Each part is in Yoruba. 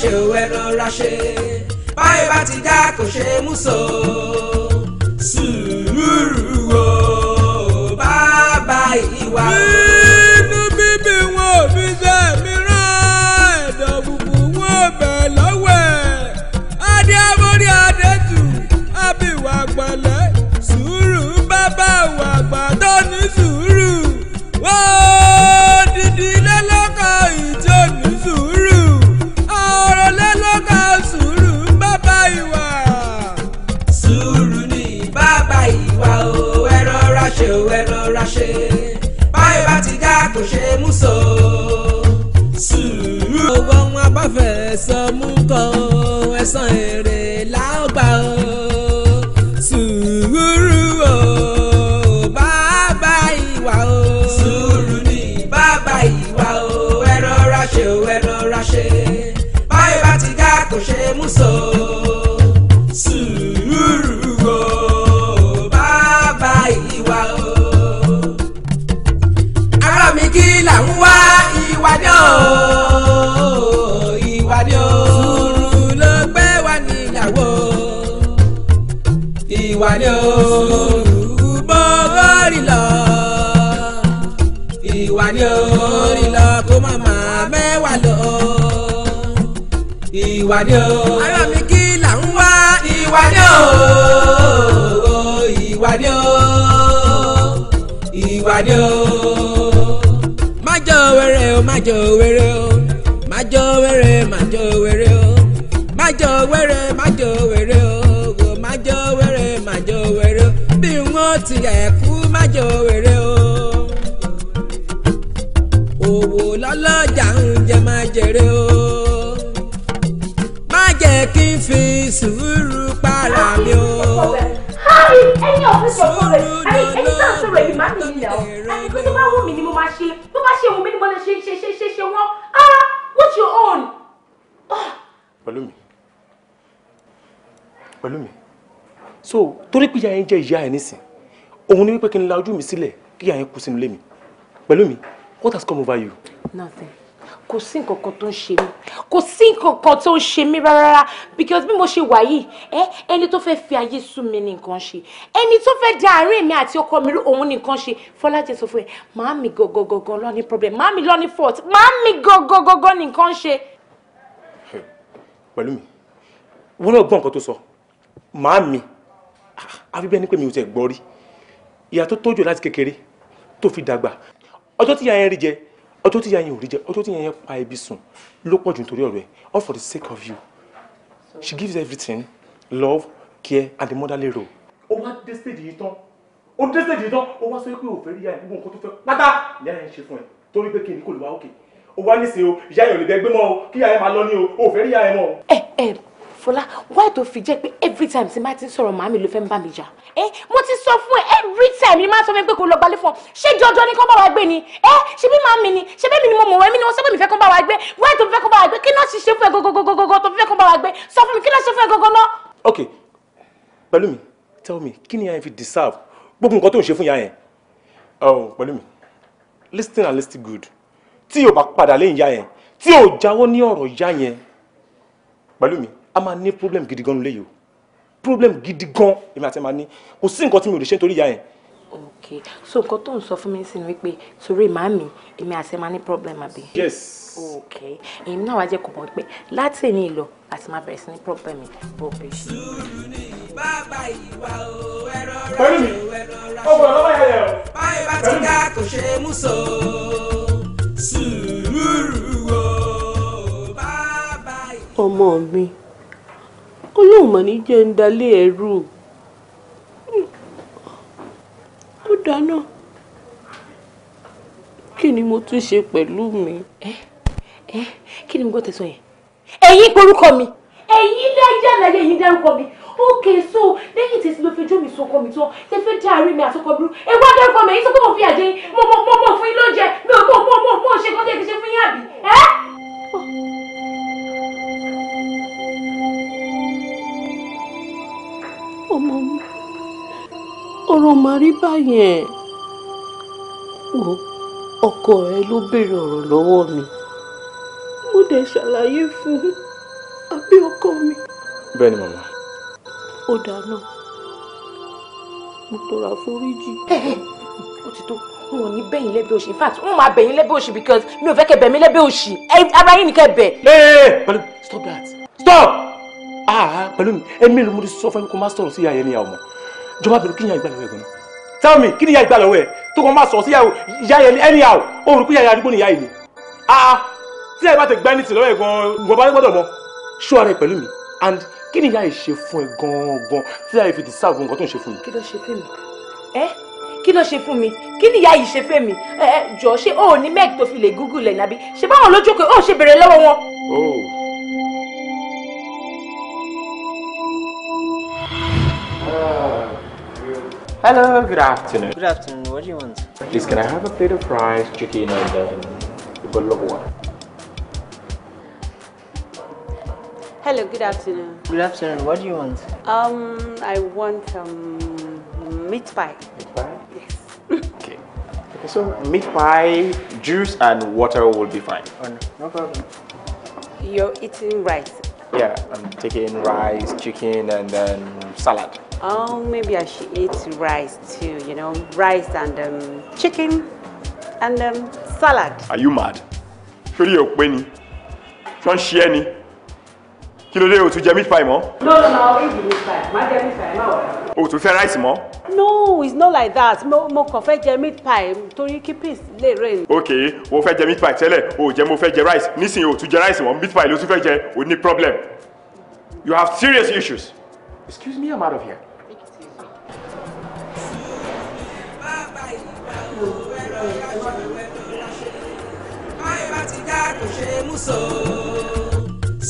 ṣe o ẹ rọra ṣe báyọ̀ bá ti já kò ṣe mú so sùúrù o bàbá ìwà ẹ̀san mú kàn ó ẹ̀san èrè. ìwádìí o. ará mi kí là ń wá. ìwádìí o. ìwádìí o. ìwádìí o. má jọ wẹrẹ o má jọ wẹrẹ o má jọ wẹrẹ má jọ wẹrẹ o má jọ wẹrẹ má jọ wẹrẹ o má jọ wẹrẹ má jọ wẹrẹ o bí wọn ti ẹkú má jọ wẹrẹ o owó lọ́lọ́jà ń jẹ máa jèrè o. any of this your problem i mean any time sọ̀rọ̀ èyí máa ń nìyí náà àti tó bá wù mí ni mo máa ṣe tó bá ṣe wù mí ni mo lè ṣe ṣe ṣe ṣe ṣe wọ́n ah what's your own. Ah! Pẹ̀lúmi Pẹ̀lúmi so torí pé ìyá yẹn jẹ́ ìyá ẹ̀ nísìn òun ni wípé kí n la ojú mi sílẹ̀ kí ìyá yẹn kú sínú ilé mi Pẹ̀lúmi what has come over you. nothing kò sí nǹkan kan tó ń ṣe mí kò sí nǹkan kan tó ń ṣe mí rárá because bí mo ṣe wà yìí ẹ ẹni tó fẹ́ẹ́ fi ayé sú mi ní nǹkan ṣe ẹni tó fẹ́ẹ́ da àárín mi àti ọkọ mi rú òun ní nǹkan ṣe fọlájẹ sọ fún ẹ màámi gọgọgọgọ ló ní problem màámi ló ní fault màámi gọgọgọgọ ní nǹkan ṣe. pẹ̀lú mi wọ́n náà gbọ́ nǹkan tó sọ màámi àfi bí ẹni pé mi ò tẹ̀ gbọ́ rí ìyá tó tọ́jú láti kékeré tó fi dàgbà ọjọ́ tí ìyá yẹn rí jẹ ọjọ́ tí ìyá yẹn ò rí jẹ ọjọ́ tí ìyá yẹn pa ibi sùn ló pọ̀ jù nítorí ọ̀rọ̀ ẹ̀ all for the sake of you she gives everything love care and the motherly role. ó wá dé stage yìí tán ó dé stage yìí tán ó wá sọ pé òfé rí ìyá yẹn gbogbo nǹkan tó fẹ́ pátá ìyá yẹn ṣe fún ẹ torí pé kíni kò lè wá òkè ó wá níṣe o ìyá yẹn ò lè bẹ́ẹ̀ gbé mọ́ o kí ìyá yẹn máa lọ ní o òfé rí ìyá yẹn mọ́ ẹ ẹ Fọlá why tó fi jẹ́ pé every time tí máa ti sọ̀rọ̀ màmí ló fẹ́ ń bá mi jà ẹ eh, mo ti sọ fún ẹ every time ni máa sọ fún pé kò lọ gbalẹ̀ fún ọ ṣé jọjọ ni kó bá wa gbé ni ẹ eh, ṣe bí màmí ni ṣe bẹ́ẹ̀ mi ni mo mọ̀ wẹ́ mi ni wọ́n sọ pé mi fẹ́ kó bá wa gbé why tó fẹ́ kó bá wa gbé kí náà ṣe ṣe fún ẹ gogogogogo tó fẹ́ kó bá wa gbé sọ fún mi kí náà ṣe fún ẹ gogo náà. ok pẹ̀lú mi tell me kí ni yàrá fi deserve gbogbo nǹkan tó ń ṣe fún yàrá yẹn oh, pẹ̀lú mi listen good tí o bá padà lẹ́yìn yàrá yẹn tí o jáwọ́ ní ọ̀rọ̀ yàrá yẹn pẹ̀lú mi a máa ní problem gidi gan léyìí o problem gidi gan èmi àti ẹ̀ máa ní kò sí nǹkan tí mi ò lè ṣe nítorí ìyá yẹn. ok so nǹkan tó ń sọ fún mi sí ni wípé torí màámi èmi àti ẹ̀ máa ní problem àbí. yes. ok èmi náà wàá jẹ́ kó mọ̀ pé láti èmi lọ àti máa bẹ̀rẹ̀ sí ní problem bọ̀bẹ̀. sùúrù ni bàbá ìwà o ẹ̀rọ rẹ̀ o ẹ̀rọ rà o báyìí bá ti dá kò ṣe mú so sùúrù o bàbá ìwà. ọmọ mi ọlọ́run mọ̀ ní jẹ́ ń dalé ẹ̀rù ó dáná kí ni mo tún ṣe pẹ̀lú mi. ẹ ẹ kí ni mo gbọ́ tẹ̀sán yẹn ẹ̀yin porúkọ mi ẹ̀yin dájá àlàyé ẹ̀yin dárúkọ mi ókè so lẹ́yìn tí ló fẹjọ́ mi sọkọ mi tán tẹ fẹ́ dá àárín mi àtọkọ burú ẹ wá dárúkọ mi èyí sọ pé mo fi àjẹ mo mo mo mo fún yín lóúnjẹ mi ò mọ̀ mọ̀ mọ̀ mọ̀ ṣe kọ́tẹ́ fi ṣe fún yín àbí ọmọ mi ọ̀rọ̀ máa rí báyẹn wò ọkọ ẹ ló béèrè ọ̀rọ̀ lọ́wọ́ mi mo dẹ̀ ṣàlàyé fún àbí ọkọ mi. bẹ́ẹ̀ ni màmá. ó dáná mo tọrọ àforíjì. ó ti tó n ò ní bẹ̀yìn lẹ́bẹ̀ òṣì in fact n ò máa bẹ̀yìn lẹ́bẹ̀ òṣì because mi ò fẹ́ kẹ́ bẹ̀ mí lẹ́bẹ̀ òṣì ara yín ni kẹ́ bẹ̀. ee stop that stop aa ah, ah, pẹ̀lú mi ẹ̀mí ni mo ti sọ fún mi kó má sọ̀rọ̀ sí ìyá yẹn ní ìyàwó mọ́ jọba bẹ̀rẹ̀ kí ni ìyá ìgbà lọ́wọ́ tell me kí ni ìyá ìgbà lọ́wọ́ ẹ̀ tó kàn máa sọ̀rọ̀ sí ìyá yẹn ní anyhow òòrùn kí ìyá yẹn arúgbó ni ìyá yìí ni aa ah, tí ẹ bá ti gbá ní tìlọ́wọ́ ẹ̀ gan-an bá gbọ́dọ̀ mọ́ ṣó ara ẹ pẹ̀lú mi and kí ni ìyá yìí ṣe fún ẹ gan-an tí ìyá yìí fi deserve nǹkan tó ń ṣe fún mi. kí ló ṣe fún mi ẹ eh? kí ló ṣe fún mi kí ni ìyá yìí ṣe fún mi ẹ eh, eh, jọ ṣé o ò ní mẹ́ẹ̀kì tó fi lè google nàbí ṣe báwọn lójókòó o ò ṣe béèrè lọ́wọ́ wọn. Oh. Hello, good afternoon. Good afternoon, what do you want? Please, can I have a plate of rice, chicken, and then um, a bottle of water? Hello, good afternoon. Good afternoon, what do you want? Um, I want um, meat pie. Meat pie? Yes. okay. okay. So, meat pie, juice, and water will be fine. Oh, no, no problem. You're eating rice yeah, I'm taking rice, chicken, and then salad. Oh, maybe I should eat rice too, you know, rice and um, chicken and um, salad. Are you mad? Ṣé o pé ni? Ṣé wọ́n ṣe kí ló dé o tún jẹ meat pie mọ́. no no no eat the meat pie má jẹ meat pie má wà. o tún fẹ́ rice mọ́. no it's not like that mo mo kàn fẹ́ jẹ meat pie torí kí peace lè reign. ok mo fẹ́ jẹ meat pie tẹ́lẹ̀ o jẹ mo fẹ́ jẹ rice nísìnyí o tún jẹ rice mọ́ meat pie ló tún fẹ́ jẹ o ní problem you have serious issues. excuse me i'm out of here.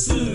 Sùúrù.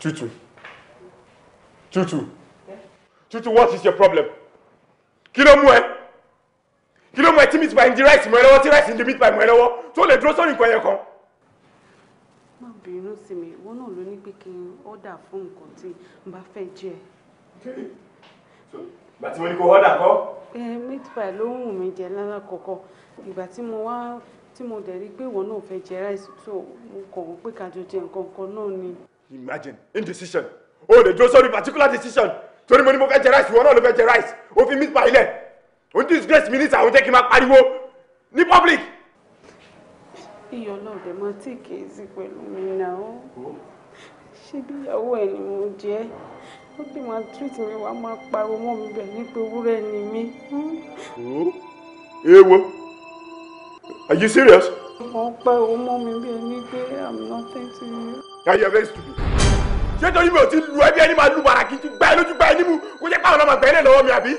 Tutu. Tutu. Yeah. Tutu, what is your problem? Kí ló mú ẹ? Kí ló mú ẹ tí meat pie ń di rice mọ́ ẹ lọ́wọ́ tí rice ń di meat pie mọ́ ẹ lọ́wọ́ tó lè dúró sórí nǹkan yẹn kan? Má bínú sí mi, ìwọ náà ló ní pé kí n ọ́dà fún nǹkan tí n bá fẹ́ jẹ. Ìgbà tí mo ní kó ọ́dà kọ́. Meat pie ló ń wù mí jẹ lálákọ̀ọ́kọ́. Ìgbà tí mo wá tí mo dẹ̀ rí pé ìwọ náà fẹ́ jẹ rice tó mo kàn wọ́n pé kájọ jẹ nǹkan kan náà ni imagine indecision o lè dúró sórí particular decision torí mo ní mo fẹ́ jẹ rice ìwọ náà ló fẹ́ jẹ rice o fi meat pie lẹ̀ o ní disgrace mi ní sàwọn jẹ́ kí n máa pariwo ní public. iyọ̀ lọ́ọ̀dẹ̀ máa tí kèézì pẹ̀lú mi náà ó ṣe bí ìyàwó ẹ̀ ni mo jẹ́ ó dì máa treat mi wá máa pariwo mọ́ mi bẹ̀ ní pé ewúrẹ́ ni mí. èèwọ̀ are you serious? ọpẹ́ o mọ́ mi bí ẹni pé i'm nothing to you. ayé ẹ fẹ́ sùn ṣé torí mi ò ti lu ẹbí ẹni máa lu wàrà kí ti gba ẹ lójú gba ẹ nímú kó jẹ́ pàwọn ọmọ àgbẹ̀rẹ̀ lọ́wọ́ mi àbí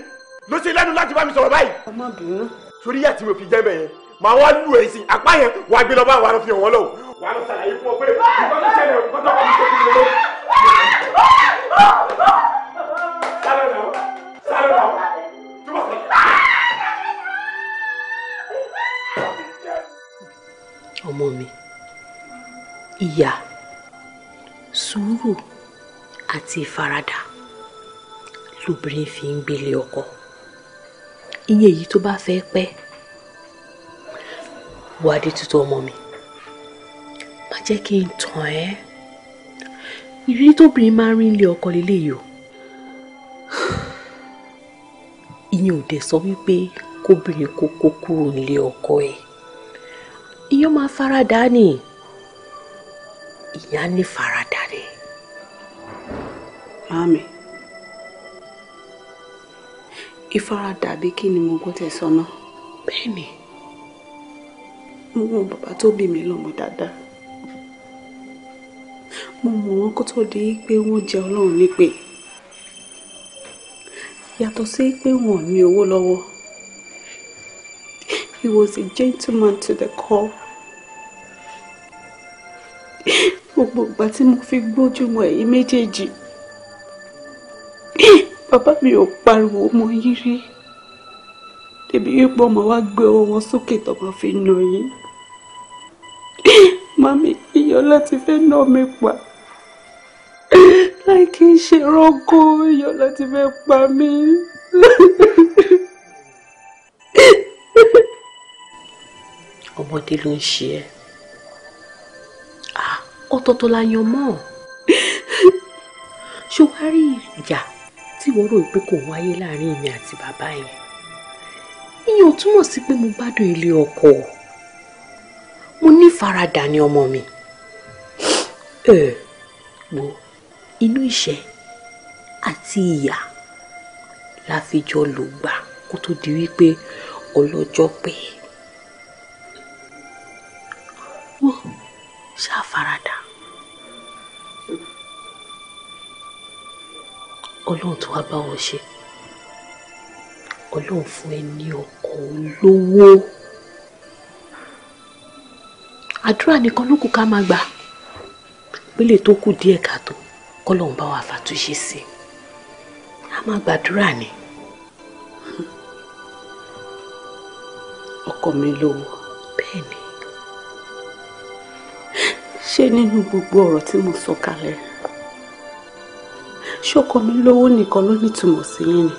ló ṣe lẹ́nu láti bá mi sọ̀rọ̀ báyìí. ọmọ bìnú. torí àti mi ò fi jẹ́ bẹ̀ yẹn màá wá lù ẹ̀ sí apá yẹn wàá gbé lọ bá wàá lọ fi hàn wọ́n lọ́wọ́ wàá lọ ṣàlàyé fún ọ pé nǹkan tó ṣẹlẹ̀ nǹkan tó kọ́ mi tó kí mi lọ́wọ́. sálọ̀ náà sálọ̀ náà. ọmọ mi ìyà sùúrù àti ìfaradà lóbìnrin fi ń gbélé ọkọ iye yìí tó bá fẹ́ pẹ́ wà á dé tuntun ọmọ mi má jẹ́ kí n tàn ẹ́ ìrírí tóbìnrin máa ń rí ilé ọkọ lélẹ́yìí o ìyẹn ò dẹ̀ sọ wípé kóbìnrin kó kúrò nílé ọkọ ẹ̀ ìyẹn máa faradà ni ìyá ní faradà ni. Màámi, ìfaradà bí kí ni mo gbọ́ tẹ̀ sọ́nà? Bẹ́ẹ̀ni, mo mọ bàbá tó bí mi lọ́mọ dáadáa. Mo mọ̀ wọ́n kó tó di pé wọ́n jẹ Ọlọ́run nípè. Yàtọ̀ sí pé wọn ò ní owó lọ́wọ́. He was a gentleman to the core. Gbogbo ìgbà tí mo fi gbójúmọ́ ẹ̀yin méjèèjì, bàbá mi ò pariwo ọmọ yín rí. Débi wípé ọmọ wa gbé ọwọ́ wọn sókè tó fi nà yín. Mami Iyọlá ti fẹ́ nà mí pa. Láì kí n ṣe rọ́gọ́ Iyọlá ti fẹ́ pa mí. ọmọdé ló ń ṣe ẹ́ ọ̀tọ̀ọ̀tọ̀ la yan mọ́ ṣó wá rí ìjà tí wọ́n rò pé kò wáyé láàrin èmi àti bàbá yẹn ìyẹn ò túmọ̀ sí pé mo gbádùn ilé ọkọ mo ní ìfaradà ní ọmọ mi ẹ wo inú ìṣẹ́ àti ìyà la fi gbà kó tó di wípé ọlọ́jọ́ pé. ṣáà faradà ọlọ́run tó wá bá wọn ṣe ọlọ́run fún ẹ ní ọkọ̀ olówó àdúrà nìkan ló kù ká máa gbà pélé tó kù díẹ̀ káàtó kọ́lọ́run bá wa fàtúnṣe sí a máa gbàdúrà ni ọkọ mi lówó bẹ́ẹ̀ ni ṣé nínú gbogbo ọ̀rọ̀ tí mo sọ kalẹ̀ ṣọkọ mi lówó nìkan ló nítumọ̀ sí yín ni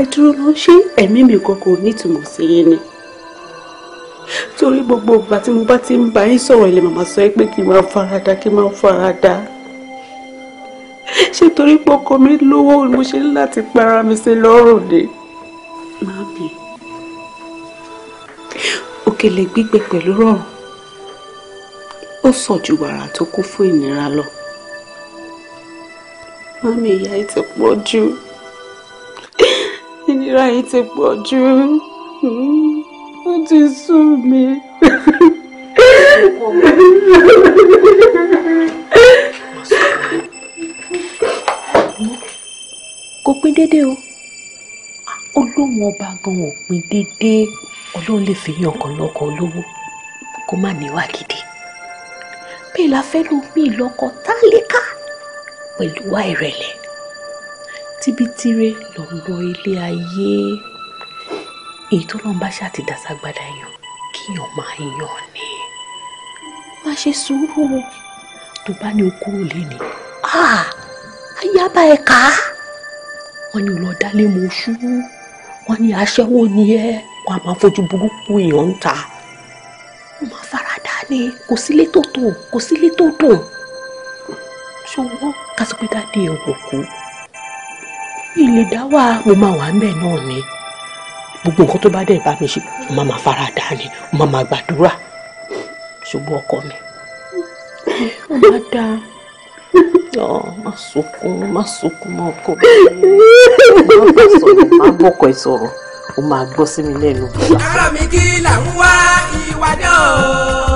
ẹ dúró lọ ṣé ẹ̀mí mi kan kò nítumọ̀ sí yín ni torí gbogbo ìgbà tí mo bá ti ń bá yín sọ̀rọ̀ ilé màmá sọ pé kí n máa farada kí n máa farada ṣé torí pé mi lówó mo ṣe láti para mi sí lọ́rùn ni má bì òkèlè gbígbẹ pẹ̀lú rọrùn ó sàn ju wàrà tó kún fún ìnira lọ. mami ìyà yìí ti pọ̀ jù ìnira yìí ti pọ̀ jù ó ti sú mi. kò pín déédéé o olóhùn ọba gan ò pín déédéé ọlọ́run lè fi yàn ọkàn lọ́kàn olówó kó má níwà gidi bẹ́ẹ̀ la fẹ́ lómi ìlọ́kọ tálíkà pẹ̀lú wá ìrẹ̀lẹ̀ tibitire lọ́rọ̀ ilé ayé èyí tó lọ́n bá ṣàti dàságbádá yàn kíyàn máa yàn ni má ṣe sùúrù tó bá ní okúrò lẹ́ni ayaba ẹ̀ka wọ́n ní lọ́ọ́ dálé mọ́ oṣù wọ́n ní aṣẹ́wó ni ẹ́ wọ́n á máa fojú burúkú èèyàn ń ta wọ́n máa fara pé kò sílé tó tó kò sílé tó dùn ṣùgbọ́n kásán pé dáadé ọ̀pọ̀ kú ilé dá wà mo máa wà ń bẹ̀ náà ni gbogbo nǹkan tó bá dẹ̀ bá mi ṣe mo máa máa fara dà ni mo máa máa gbàdúrà ṣùgbọ́n ọkọ mi ó máa dáa má sunkún má sunkún mọ́ ọkọ mi má bọ̀kọ̀ ẹ̀ sọ̀rọ̀ ó máa gbọ́ sí mi lẹ́nu. ara mi kí làwọn wá ìwà náà.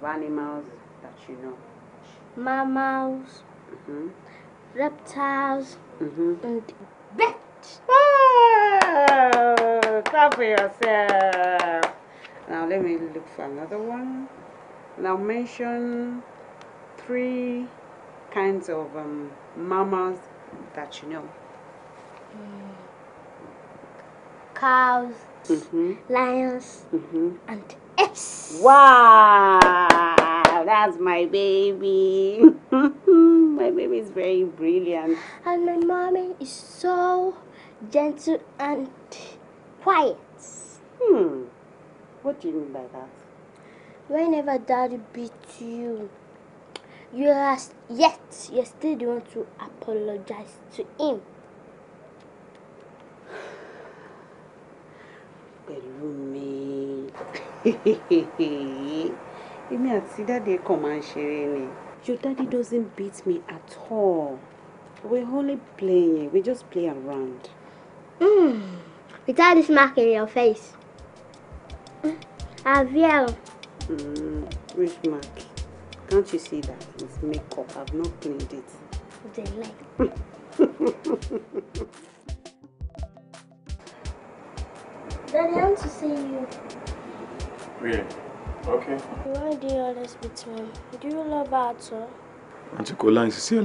of animals that you know? Mammals, mm-hmm. reptiles, mm-hmm. and bats. clap for yourself. Now let me look for another one. Now mention three kinds of um, mammals that you know. Mm. Cows, mm -hmm. lions, mm -hmm. and Wow, that's my baby. my baby is very brilliant. And my mommy is so gentle and quiet. Hmm. What do you mean by that? Whenever daddy beats you, you ask yet you still want to apologize to him. Pẹ̀lú èmi àti dáàdi kan máa ń ṣeré ni. your daddy doesn't beat me at all we're only playing we just play around. Mm. without this mark in your face. Aviel. Mm, which mark? Can't you see that? It's makeup. I've not cleaned it. They like. Daddy, I want to see you. Really? Okay. Why do you always beat me? Do you love her at all? Auntie Kola and Sisi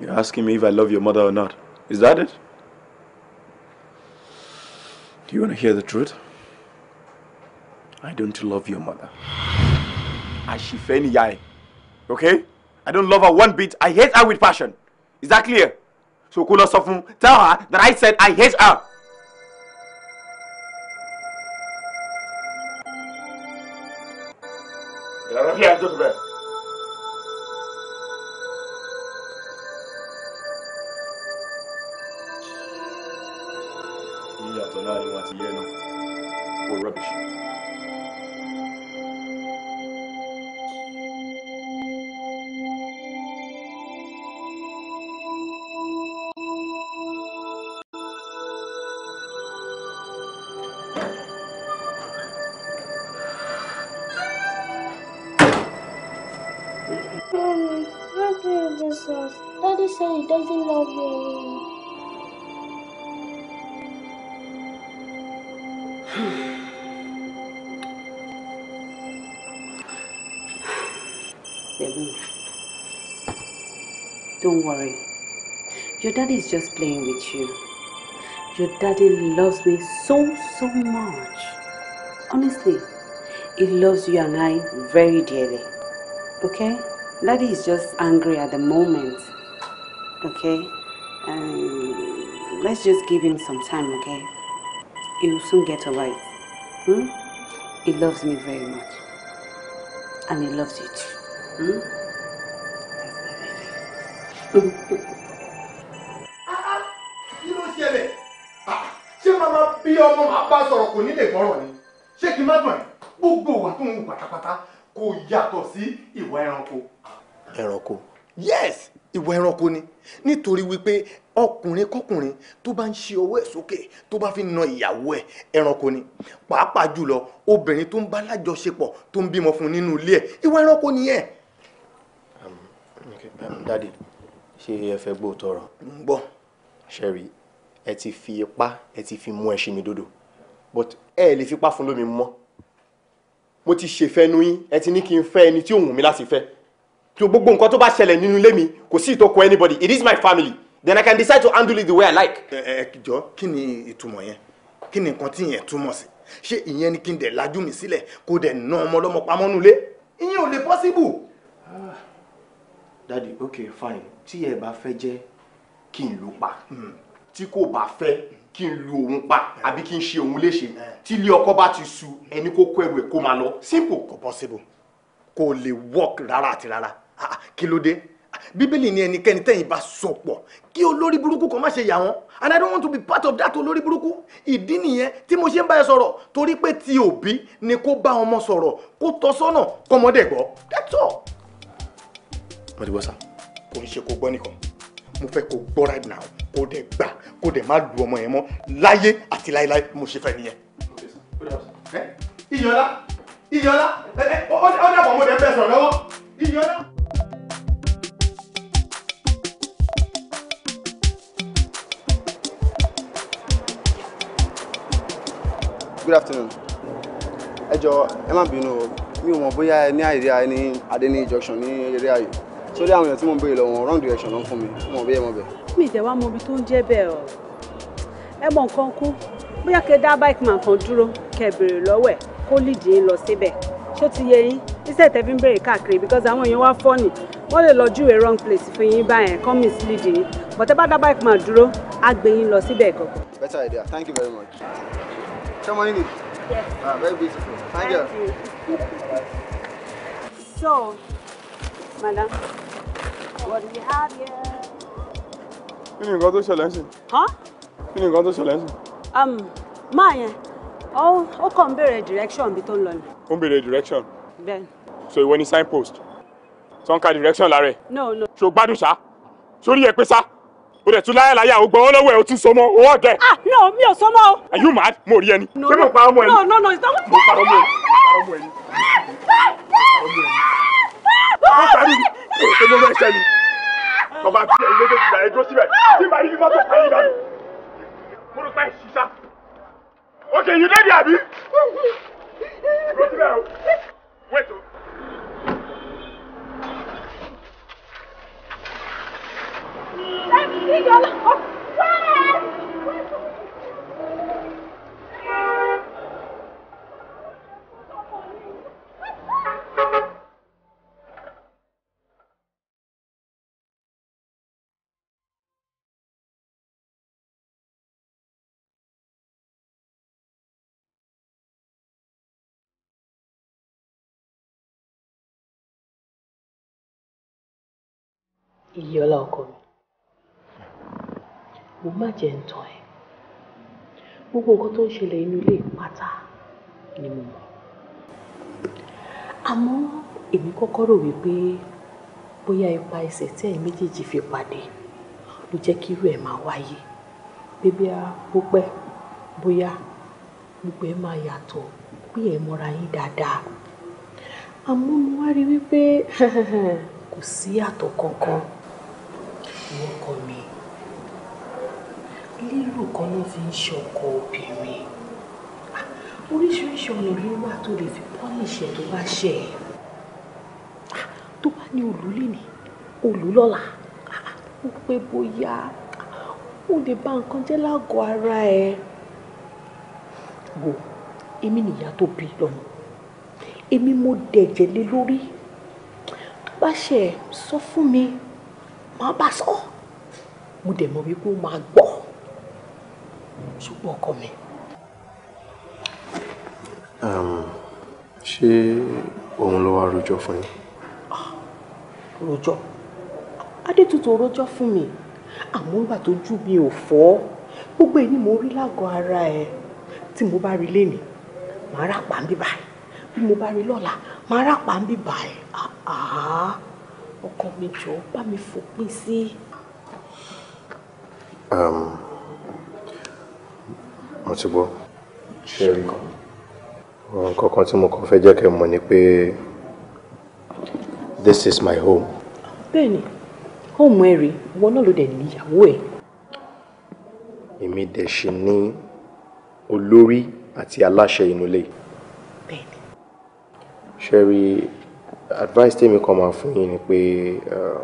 You're asking me if I love your mother or not. Is that it? Do you want to hear the truth? I don't love your mother. I Ashifeni Yai. Okay? I don't love her one bit. I hate her with passion. Is that clear? So Kola Sofun, tell her that I said I hate her. Don't worry. Your daddy is just playing with you. Your daddy loves me so, so much. Honestly, he loves you and I very dearly. Okay? Daddy is just angry at the moment. Okay? Um, let's just give him some time, okay? He'll soon get over it. Hmm? He loves me very much. And he loves you too. Hmm? kí ló ṣẹlẹ̀ ṣé màmá yes ìwà ẹranko ni nítorí wípé ọkùnrin kọkùnrin tó bá ń ṣe ọwọ́ ẹ̀ sókè tó bá fi na ìyàwó ẹ̀ ẹranko ni pàápàá jùlọ obìnrin tó ń bá lájọṣepọ̀ tó ń bímọ fún nínú ilé ẹ̀ ìwà ẹranko nìyẹn. Um, okay, um, ṣé ẹ fẹ́ gbọ́ tọrọ. ń gbọ́. sẹ́rí ẹ ti fi ipá ẹ ti fi mú ẹṣin mi dodo. but ẹ lè fipá fún lómi mọ́ mo ti ṣèfẹ́nu yín ẹ ti ní kí n fẹ́ ẹni tí ò wù mí láti fẹ́ tí o gbogbo nǹkan tó bá ṣẹlẹ̀ nínú ilé mi kò sí ìtọ́kọ anybody it is my family then I can decide to handle it the way I like. ẹ ẹ jọ kí ni ìtumọ̀ yẹn kí ni nǹkan tí yẹn túmọ̀ sí ṣé ìyẹn ni kí n dẹ̀ lajú mi sílẹ̀ kó dẹ̀ ná ọmọ ọlọ́mọ pamọ́ nulẹ̀ ìyẹn ò lè possible. Ah, dadi okay fine tí ẹ bá fẹ́ jẹ́ kí n lù pa tí kò bá fẹ́ kí n lu òun pa àbí kí n ṣe òun léṣe tí ilé ọkọ bá ti su ẹni kó kó ẹrù ẹ kó máa lọ. simple kò possible kò lè work rárá àti rárá ah, ah, kí ló dé ah, bíbélì ni ẹnikẹ́ni tẹ̀yìn bá so pọ̀ kí olórí burúkú kan má ṣe yà wọ́n and i don't want to be part of that olórí burúkú ìdí nìyẹn tí mo ṣe ń bá ẹ sọ̀rọ̀ torí pé ti òbí ni kó bá ọmọ sọ̀rọ̀ kó tọ́ sọ́nà kọ́mọdé gbọ́ that's all. mo ti gbọ́ sá kò ń ṣe kó gbọ́ nìkan mo fẹ́ kó gbọ́ right now kó dẹ̀ gbà kó dẹ̀ má lu ọmọ yẹn mọ́ láyé àti láéláé mo ṣe fẹ́ nìyẹn. iyọlá iyọlá ó dàbọ̀ mo dẹ̀ fẹ́ sọ̀rọ̀ lọ́wọ́ iyọlá. good afternoon ẹ jọ ẹ má bínú mi ò mọ bóyá ẹ ní àìrí ẹni adé ní junction ní eré ayò sórí àwọn èèyàn tí mo ń béèrè lọ́wọ́ wrong direction ló ń fún mi mo mọ̀ bí ẹ mọ̀ bẹ́ẹ̀. mi ìtẹ̀wá mọ ibi tó ń jẹ́ bẹ́ẹ̀ o ẹ mọ nǹkan kú bóyá kẹ dá bike man kan dúró kẹ béèrè lọ́wọ́ ẹ̀ kó lìdí yín lọ síbẹ̀ ṣó ti yẹ yín iṣẹ́ ìtẹ́fí ń béèrè káàkiri because àwọn èèyàn wá fọ́ọ̀nì wọ́n lè lọ júwe wrong place fún yín báyẹn come mislead yín but ẹ bá dá bike man dúró á gbé yín lọ síbẹ̀ gọ̀gọ̀. better idea thank you very much. ṣé mo ní ni. yes. ah very beautiful. thank, thank you. you. so Madam, what do we have here? Kí ni nǹkan tó ṣẹlẹ̀ ń sìn? Kí ni nǹkan tó ṣẹlẹ̀ um, direction bí tó ń lọ ni. Ó direction? Ben. So ìwọ ni signpost? Tó ń ka direction Larry. No, no. Ṣo gbádùn sir. Sórí ẹ pé sá? But dẹ̀ tún láyà láyà o gbọ́ ọ lọ́wọ́ ẹ̀ o tún so mọ́ ah no me ò so are you mad mo rí no no no no no no no tẹ́ mi ọba fi ẹ̀yin méjèèjì láyé dúró síbẹ̀ tí màá yí mọ́tò pẹ̀lú ìgbà mi mo rò pé ṣiṣá òkè yìí dédìí àbí dúró síbẹ̀ o. Iyọ́lá ọkọ mi mo má jẹ́ ń tàn ẹ́ gbogbo nǹkan tó ń ṣẹlẹ̀ inú ilé pátá ni mo mọ̀ àmọ́ èmi kọ́kọ́ rò wípé bóyá ipa ẹsẹ̀ tí ẹ̀yin méjèèjì fi pàdé ló jẹ́ kí irú ẹ̀ máa wáyé bébí a púpẹ́ bóyá gbogbo ẹ̀ máa yàtọ̀ pé ẹ̀ mọ́ra yín dáadáa àmọ́ mo wá rí wípé kò sí yàtọ̀ kankan ọkọ mi lílù kan ló fi ń ṣọkọ obìnrin oríṣiríṣi ọ̀nà ló wà tó lè fi pọ́nìṣẹ́ tó bá ṣẹ̀ tó bá ní olùlé ni olùlọ́la ó pé bóyá ó lè bà nǹkan jẹ́ lágọ̀ọ́ ara ẹ̀ wò èmi nìyá tó bí lọ́mọ èmi mo dẹ̀jẹ̀ lé lórí tó bá ṣẹ̀ sọ fún mi máa bá sọ mo dẹ̀ mọ̀ wípé ó máa gbọ́ ṣùgbọ́n ọkọ mi. ṣé òun ló wá rojọ́ fún yín. Ah, rojọ́ adétutù rojọ́ fún mi àmọ́ ńgbà tó jù mi ò fọ́ gbogbo èyí mo rí lágọ̀ọ́ ara ẹ̀ tí mo bá rí lénìí màá rà pàǹbí báyìí bí mo bá rí lọ́la màá rà pàǹbí báyìí. Ah, ah ọkàn mi jọ bá mi fòpin sí. Um, mo ti gbọ́ ṣe rí kan nǹkan kan tí mo kàn fẹ́ jẹ́ kẹ́ mọ̀ ni pé this is my home. bẹ́ẹ̀ni home ẹ rèé wọn náà ló dẹ̀ níyàwó ẹ̀. èmi dẹ̀ ṣe ní olórí àti aláṣẹ inú ilé. bẹ́ẹ̀ni. ṣe rí i advice tèmi kan máa fún yín ni pé eh,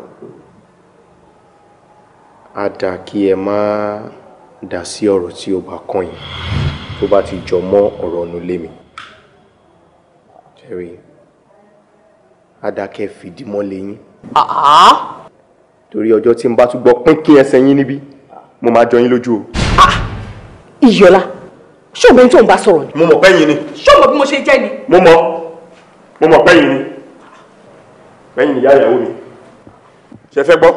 a dà kí ẹ má dà sí ọ̀rọ̀ tí ó bá kàn yín tó bá ti jọ mọ́ ọ̀rọ̀ ọ̀nà lémi jerry a dà kẹ́ fìdí mọ́lẹ̀ yín. torí ọjọ́ tí n bá tún gbọ́ pín kí ẹsẹ̀ yín níbí mo máa jọ yín lójú o. ìyọlá ṣé òun bẹ́ẹ̀ tó ń bá sọ̀rọ̀ ni. mo mọ̀ pẹ́yìn ni. ṣé o mọ̀ bí mo ṣe jẹ́ ni. mo mọ̀ mo mọ̀ pẹ́yìn ni lẹ́yìn ìyá ìyàwó mi ṣe fẹ́ gbọ́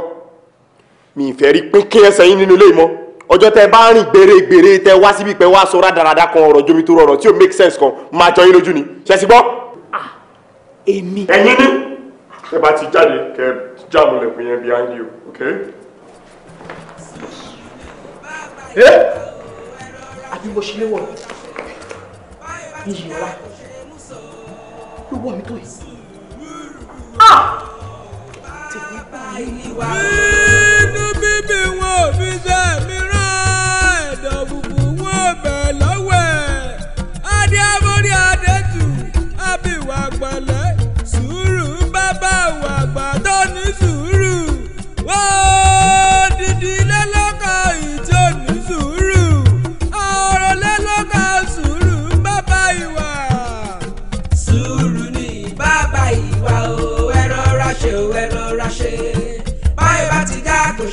mi ìfẹ́ rí pín kí ẹsẹ̀ yín nínú ilé ìmọ̀ ọjọ́ tẹ bá rìn gbèrègbèrè tẹ wá síbi pé wá sọ rádaràda kan ọ̀rọ̀ jomi tó rọrọ̀ tí ò make sense kan máa jọ yín lójú ni ṣe sí gbọ́. èmi. ẹ̀yin ni ẹ bá ti jáde kẹ jáàmù lẹ̀kùn yẹn behind you okay. ẹ eh? eh? àbí mo ṣe léwọ̀ yìí yọ̀ọ́ra ló wọ̀ mí tó yìí inú bíbí wọn ò fi ṣe mí rán ẹ̀dọ̀ bùbù wọn ò bẹ̀ lọ́wọ́ ẹ̀ adé amórí adétù àbíwá pẹ̀lẹ́.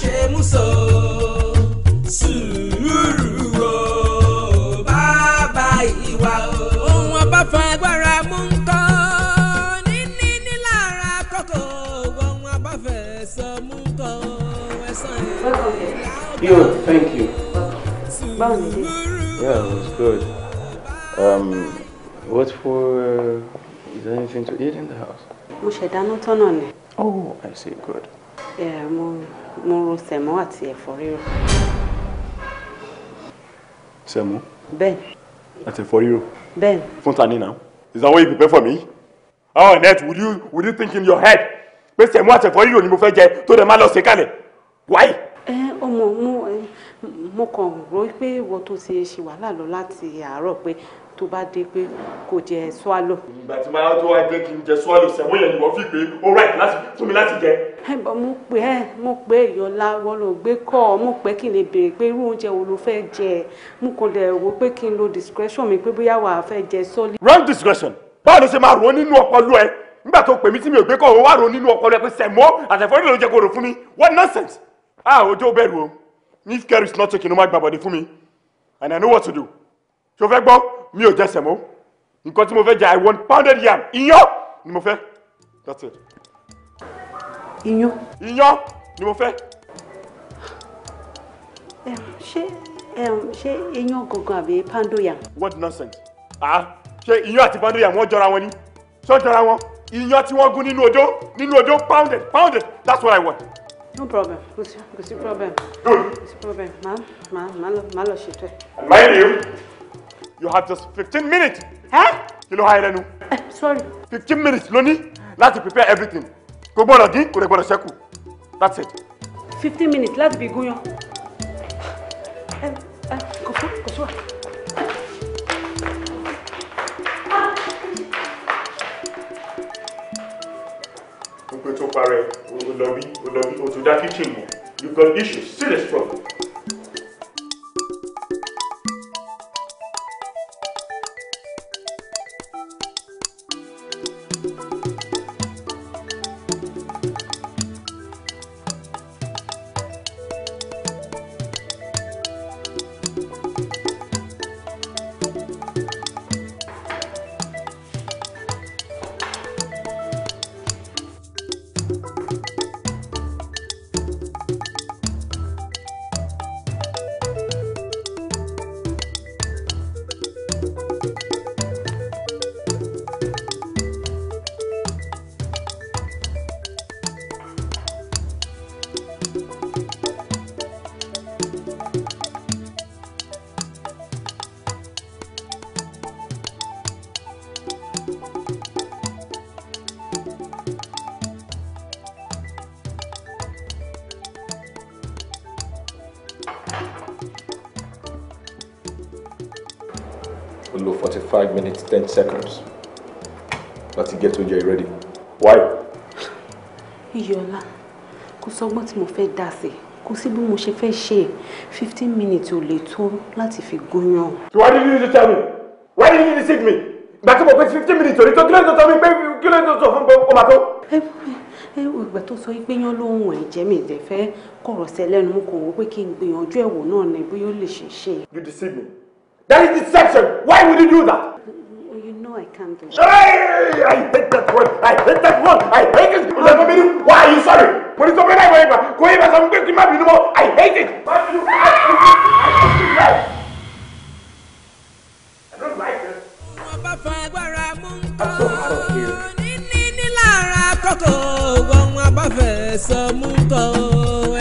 ṣe sùúrù o bàbá ìwà o. ohun ọba fún agbára mú ń kọ́ níní nílára kókó ohun ọba fẹ́ sọ mú ń kọ́ ẹ̀sán ẹ̀. yo thank you. yeah it was good. Um, what for uh, is there anything to eat in the house. oh I see good. Yeah, mo mo ro sẹ̀mọ́ àti ẹ̀fọ́ rírò. sẹ̀mọ́. bẹ́ẹ̀. àti ẹ̀fọ́ rírò. bẹ́ẹ̀. fún ta ni na is that what you prepare for me? oh net would you would you think in your head pé sẹ̀mọ́ àti ẹ̀fọ́ rírò ni mo fẹ́ jẹ tó dẹ̀ má lọ sí kalẹ̀ why. ẹ ọmọ mo mo kàn rò pé ìwọ tó ti ṣe wàhálà lọ láti àárọ̀ pé tó bá dé pé kò jẹ swallow. ìgbà tí màá tó wá dé kí n jẹ swallow sẹ̀wọ́n yẹn ni wọ́n fi pé ó right láti fún mi láti jẹ. ẹ bọ mo pè ẹ mo pè ìyọlá wọn ló gbé kọ mo pè kí n lè béèrè pé irú oúnjẹ wo ló fẹ́ jẹ mo kàn lè wò pé kí n lo discretion mi pé bóyá wàá fẹ́ jẹ sọ́ọ̀lì. wrong discretion báwo ló ṣe máa rò ó nínú ọpọlọ ẹ nígbà tó pè mí tí mi ò gbé kọ òun wá rò ó nínú ọpọlọ ẹ pé sẹ̀mọ́ àtẹ̀fọ́rí ló jẹ́ kó what nonsense ah ojú ò bẹ̀rù if care is not taken o má gbàbọ̀dé and i know what to do ṣo fẹ́ gbọ́ mi ò jẹsẹ̀ mọ́ nǹkan tí mo fẹ́ jẹ i want pounded yam iyán ni mo fẹ́ that's it. iyán. iyán ni mo fẹ́. ṣé ṣé iyán gangan àbí pounded yam. what nonsense ah ṣé iyán àti pounded yam wọ́n jọra wọn ni ṣé wọ́n jọra wọn iyán tí wọ́n gún nínú odó nínú odó pounded pounded that's what i want. No problem. Kò sí, kò sí problem. Good. Kò sí problem. Màá, màá, màá lọ, màá lọ ṣètò ẹ̀. Mind you you have just fifteen minutes. kí ló ha yẹn lẹ́nu. Eh, sorry. fifteen minutes lónìí láti prepare everything kò gbọ́dọ̀ dín kò lè gbọ́dọ̀ ṣẹ́kù that's it. fifteen minutes láti fi gúnyán. Eh, eh, kò fún kò sún wa. gbogbo tó parẹ́ olórí olórí o ti dá kitchen mọ́ you got issues serious problem. ten seconds láti get oúnjẹ yìí ready why. Yola, kò sọgbọ́n tí mo fẹ́ dá sí kò sí bí mo ṣe fifteen minutes ò later, let's láti why did you just tell me why did you deceive me ìgbà tí mo pé fifteen minutes ò later. tó kí ló ń tó sọ mi pé kí ló ń tó sọ fún mi kó máa tó. ẹ ẹ ìgbà tó sọ pé yán lóhùn ẹ̀jẹ̀ mi ìdẹ̀ fẹ́ kọ̀rọ̀ sí ẹlẹ́nu mo kàn wọ́n pé kí you deceive me that is deception why would you do that know I can't do it. Hey, I hate that word. I hate that word. I hate it. Mo sọ fún mi why are you sorry? Mo ní sọ pé báyìí wọ́n yẹn gbà kó yẹ bá sọ I hate it. Má I don't like it.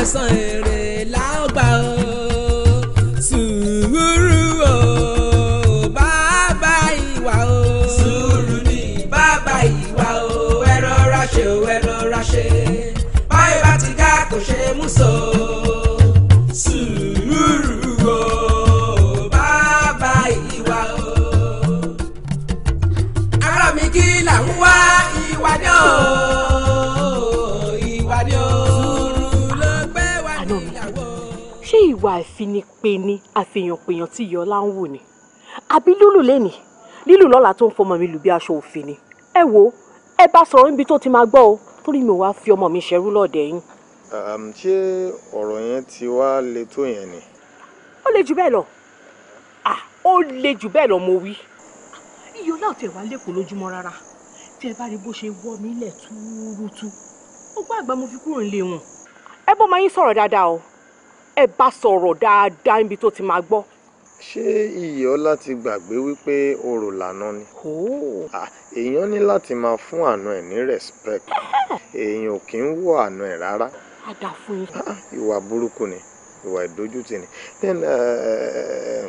ẹ̀sán èrè. pè ní àfihàn-pèyàn tí ìyọ́lá ń wò ni àbí lílù lẹ́nìí lílù lọ́la tó ń fọmọ mi lù bí aṣọ òfin ni ẹ wo ẹ bá sọ̀rọ̀ níbi tó ti máa gbọ́ o torí mi ò wá fi ọmọ mi ṣerú lọ́ọ̀dẹ̀ yín. ṣé ọ̀rọ̀ yẹn ti wá le tó yẹn ni. ó le jù bẹ́ẹ̀ lọ ó le jù bẹ́ẹ̀ lọ mo wí. ìyọ́lá ò tẹ̀ wá lẹ́kọ̀ọ́ lójúmọ́ rárá tí ẹ bá rí bó ṣe wọ́ mi lẹ̀ túrútú ó gbọ́ àgbà mo fi kúrò nílé wọn. ẹ bọ́ máa yín sọ̀rọ̀ dáadáa o ẹ bá sọ̀rọ̀ dáadáa níbi tó ti máa gbọ́. ṣé iyèọlá ti gbàgbé wípé orò lànà ni. èèyàn ní láti máa fún àna ẹ̀ ní respect èèyàn ò kì í wọ àna ẹ̀ rárá. a dà ah, ìwà burúkú ni ìwà ìdójútì ni then eh, eh,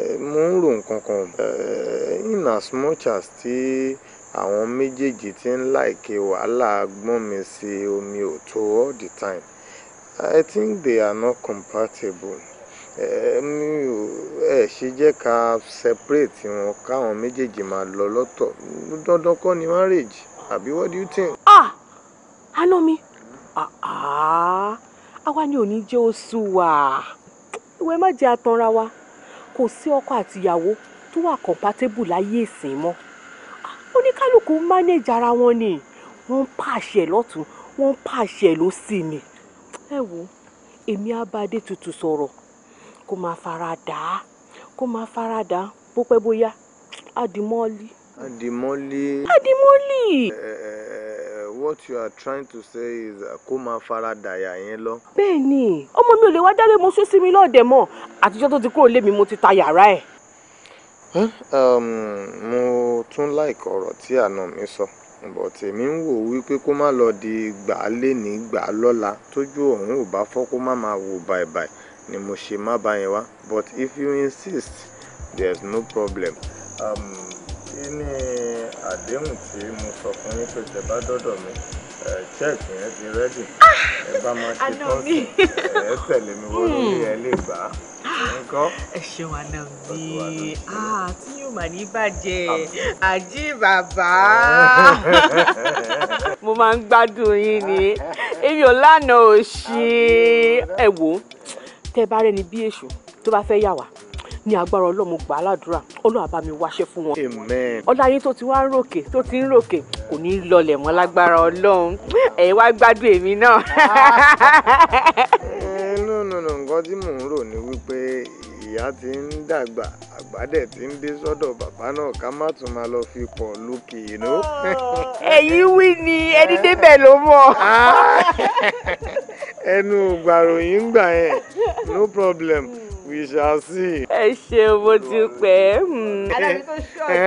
eh, mo ń rò nǹkan kan in as much as ti àwọn méjèèjì ti ń láìke wàhálà gbọ́n mi sí omi ò tó all the time I think they are not compatible. mi ò ẹ ṣe jẹ́ ká separate wọn káwọn méjèèjì máa lọ lọ́tọ̀ dandan kọ́ ni marriage àbí what do you think. ah àná mi àwa ni ò ní jẹ́ oṣù wa ìwé má jẹ́ atanra wa kò sí ọkọ àtìyàwó tó wà compatible láyé ìsìn mọ́ ah, oníkálukú manage ara wọn ni wọ́n ń pàṣẹ lọ́tún wọ́n ń pàṣẹ lọ́sì ni ẹ wo èmi á bá Adétutù sọ̀rọ̀ kó máa fara dà á kó máa fara dà á bó pẹ́ bóyá àdìmọ́lì. àdìmọ́lì. àdìmọ́lì. what you are trying to say is kó máa fara dàyà yẹn lọ. bẹ́ẹ̀ ni ọmọ mi ò lè wá dálé mo sún sí mi lọ́ọ̀dẹ̀ mọ́ àtijọ́ tó ti kúrò lé mo ti ta yàrá ẹ̀. Hm? Um, mo tún láìkọ̀ ọ̀rọ̀ tí àna mi sọ. So but èmi ń wò wípé kó má lọ di gbà lé ní gbà lọ́la tójú òun ò bá fọ́ kó má máa wò bàìbàì ni mo ṣe má bá yẹn wá but if you insist there's no problem. Um, kí ni àdéhùn tí mo sọ fún yín pé tẹ́ bá dọ́dọ̀ mi ṣẹ́ẹ̀kì yẹn ti rẹ́dì ah! ẹ bá máa ṣe tọ́sí ẹ tẹ̀lé mi wọ́n lórí hmm. ẹ lè gbà á nǹkan. ẹ ṣeun àná mi ah, tí yóò mà ní bàjẹ́ ah. àjí bàbá mo máa ń gbádùn yín ni èmi ò lánàá ò ṣí ẹ wò tẹ bá rẹ ní bí èṣù tó bá fẹ́ yà wá ní agbára ọlọ́mọ gbà ládùúrà olúwa bá mi wáṣẹ́ fún wọn. amen. tó ti wá ń ròkè tó ti ń ròkè kò ní í lọlẹ̀ mọ́ lágbára ọlọ́run ẹ̀ wá gbádùn èmi náà. Eh, nínú nǹkan tí mò ń rò ní wípé ìyá ti ń dàgbà àgbà dẹ̀ ti ń dé sọ́dọ̀ bàbá náà ká má tún máa lọ fi pọ̀ lókè inú. èyí wí ni ẹni débẹ̀ ló mọ̀. ẹnu ògbàròyìn ń gbà yẹn no problem we shall see. ẹ ṣe mo ti pẹ́. Hmm. alábi tó ṣọ́ọ̀tì.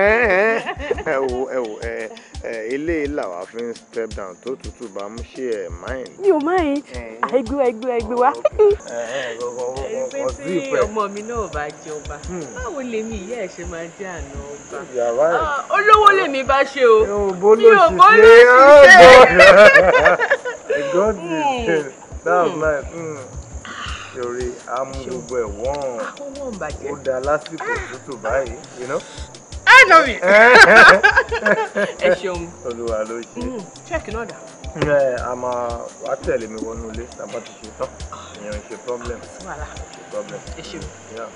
ẹ wo ẹ wo ẹ. Eh, eléyìí làwa fi ń step down tó tútù bá mú ṣe ẹ̀ mind. mi ò mind eh. àìgbé àìgbé àìgbé wa. pé eh, tí ọmọ mi náà bá jẹ ọba hmm. báwo lèmi ìyá ẹ ṣe máa jẹ àná ọba ah, olówó lèmi bá ṣe o oh, mi ò bó lè ṣiṣẹ́. that's life. Mm torí a ẹ̀ wọ́n ah, ó da lásìkò ah. tútù báyìí you know. I love it. Ẹ ṣeun. Olúwa ló ṣe. Ṣẹ́ẹ̀kì náà dà. Ẹ a máa wá tẹ̀lé mi wọnú ilé tàbá ti ṣe tán. Ìyẹn ń ṣe problem. Wàhálà. Ṣe problem. Ẹ Yeah.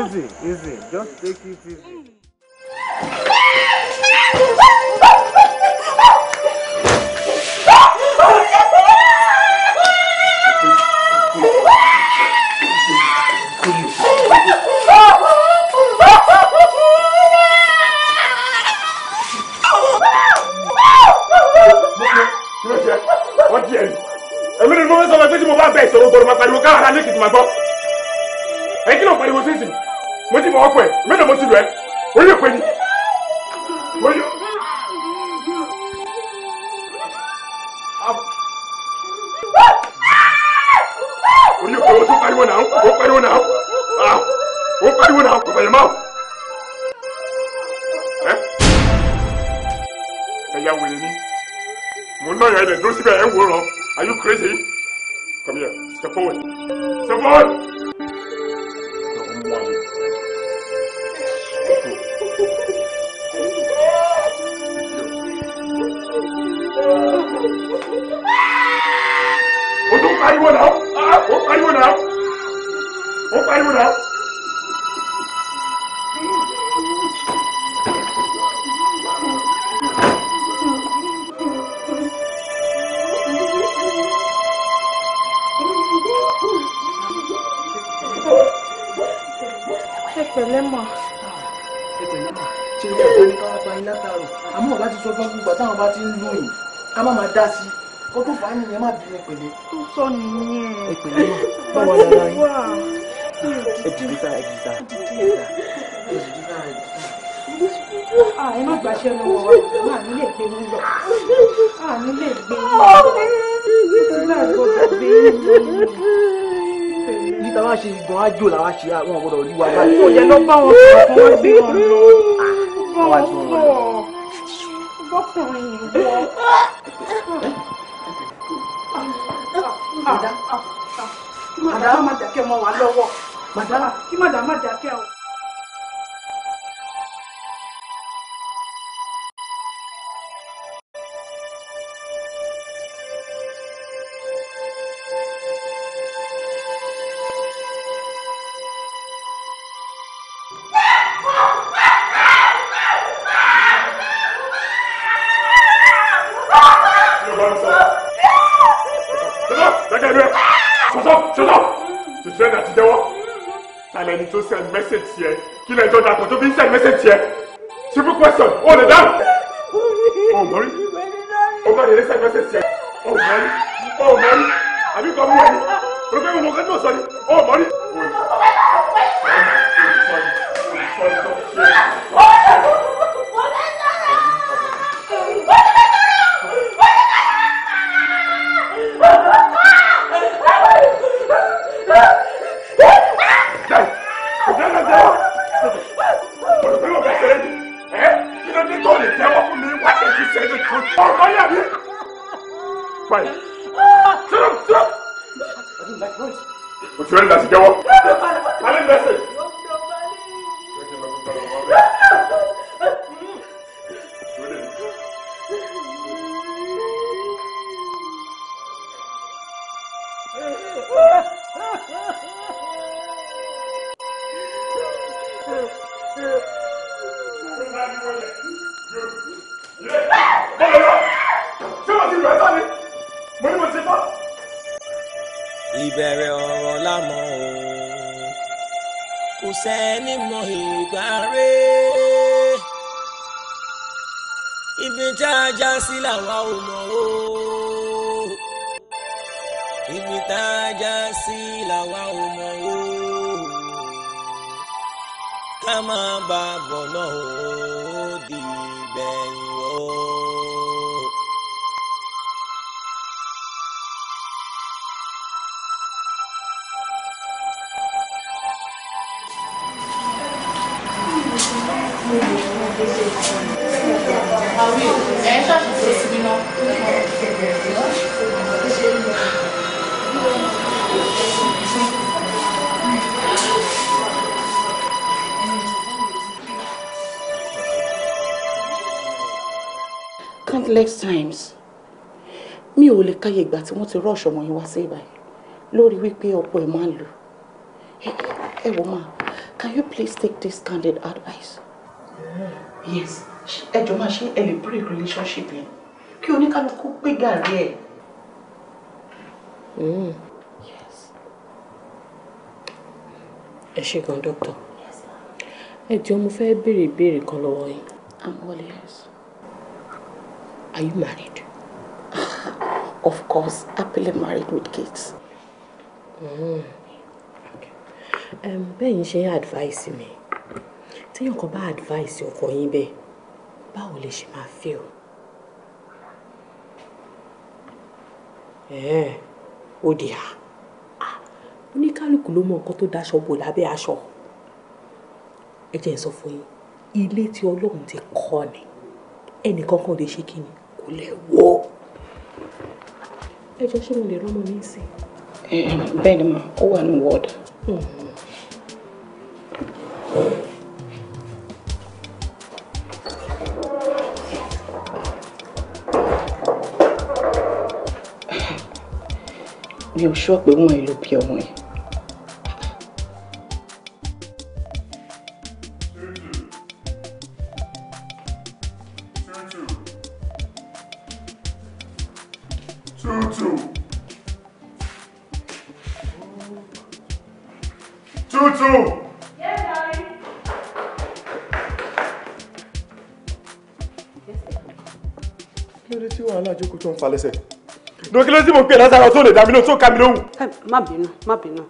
Easy easy just take it easy. Mm. èmi ni mo fẹ́ sọ ma pé tí mo bá bẹ ìṣòro gbọdọ̀ ma pariwo káwọn ará lẹ́kìtì ma gbọ́ ẹ kí ló ń pariwo sísìn mo ti mọ ọkọ ẹ mélòó mo ti lọ ẹ orí lè pè ní. orí lè pè o tún pariwo náà o pariwo náà ah, o pariwo náà kò bẹ̀rẹ̀ máa. ẹ̀yà wèrè ni mo náà yà ẹ̀ dẹ̀ dúró síbẹ̀ ẹ̀ ń wòran. Are you crazy? Come here. Step forward. Step forward! Oh, don't fight you now! Ah, don't fight you now! Oh, don't you now! yín látàrò àmọ́ ọ̀gá ti sọ fún gbogbo táwọn bá ti ń lù yín ká má máa dá sí i kó tó fà á nìyẹn má bínú ìpele. tó sọ nìyẹn. ìpele náà báwo ni ara yín. ẹ̀dìdì sára ẹ̀dìdì sára ẹ̀dìdì sára ẹ̀dìdì sára. Ah, ẹ má gbàṣẹ lọ́wọ́ wa máa ní lè gbé yín lọ máa ah, ní lè gbé yín lọ nígbà tó gbé yín lọ ní táwa ṣe ìgbọ̀n ájò làwa ṣe àwọn ọ̀gbọ̀dọ̀ orí wa báyìí. ó yẹ lọ bá wọn sọ̀rọ̀ fún wọn bí wọn lọ bọ̀ wọ́n bọ̀ bọ́kùnrin ìwọ. màdàmá màdàkẹ́ mọ́ wa lọ́wọ́ màdàmá kí màdàmá dàkẹ́ o. message here. ibi tá a já sí làwa ò mọ̀ o ká má bàa bọ̀ náà countless times mi ò lè káyè ìgbà tí wọ́n ti rush ọmọ yẹn wá sí ìbàyẹn lórí wípé ọ̀pọ̀ ẹ̀ máa ń lò ẹ wò máa can you please take this candid advice. yes ẹ jọ máa ṣe ẹ lè break relationship yẹn kí oníkálukú gbé gàrí ẹ. Mm. yes. ẹ ṣe gan dókítà ẹ jọ mo fẹ́ béèrè ìbéèrè kan lọ́wọ́ yín. i'm all ears. Are you married? Of course, happily married with kids. Mm. Okay. Um, bẹ́ẹ̀ ń ṣe advice mi téèyàn kan bá advice ọkọ yín bẹ́ẹ̀ báwo lè ṣe máa feel? ẹ̀ẹ́n ó di à oníkálukú ló mọ nǹkan tó daṣọ bò lábẹ́ aṣọ ẹ jẹ́ n sọ fún yín ilé tí ọlọ́run ti kọ́ ni ẹnìkan kan ò lè ṣe kí ni kò lè wọ. ẹ jọ ṣé mo lè rọmọ mi sí. bẹ́ẹ̀ ni mà ó wà ní wọ́ọ̀dù. Hmm. mi ò sọ pé wọn ò bí ọmọ yìí. tó ń fa lẹ́sẹ̀ dókè ló sì mọ̀ pé lásàrò tó lè dá mi lóhùn tó ká mi lóhùn. má bínú má bínú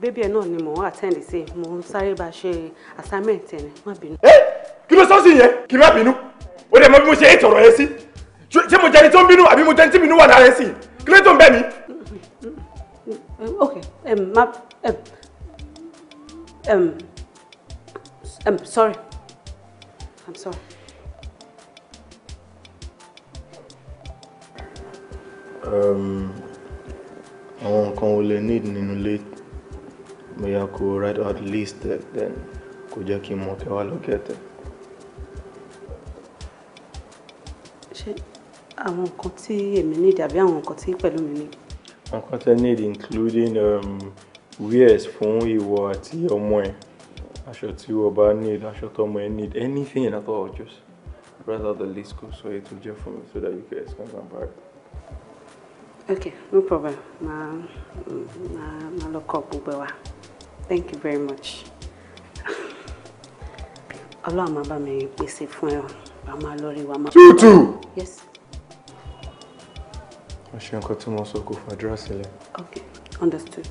bébí ẹ náà ni mò ń àtẹ́ǹdì sí mò ń sáré bá ṣe assignment ẹ̀ má bínú. ẹ kí ló sọ́ọ̀sì yẹn kí má bínú ó dẹ̀ mọ bí mo ṣe ètò ọ̀rọ̀ yẹn sí ṣé mo jẹ́ni tó ń bínú àbí mo jẹ́ni tí bínú wà lára ẹ̀ sí kí ló tó ń bẹ̀ mí. ok sorry I'm sorry. Ehm, àwọn nǹkan wo lè need nínú ilé bóyá kó write out list ẹ̀ then kó jẹ́ kí n mọ̀ kẹ́ wá lọ gẹ̀tẹ̀. ṣé àwọn nǹkan tí èmi need àbí àwọn nǹkan tí pẹ̀lú mi need. nǹkan tẹ need including um, wears fún ìwọ àti ọmọ ẹ aṣọ tí ìwọ bá need aṣọ tọmọ ẹ need anything at all just write out the list kó sọ ètò jẹ fún mi so that you can expand and buy okay no problem Ma, ma, màá lọ kọ gbogbo ẹ thank you very much ọlọ́run máa bá mi pèsè fún ẹ wà máa lọ rí wa máa. tútù. yes. mo ṣe nǹkan tí mo sọ kò fàdúrà sílẹ̀. okay understood.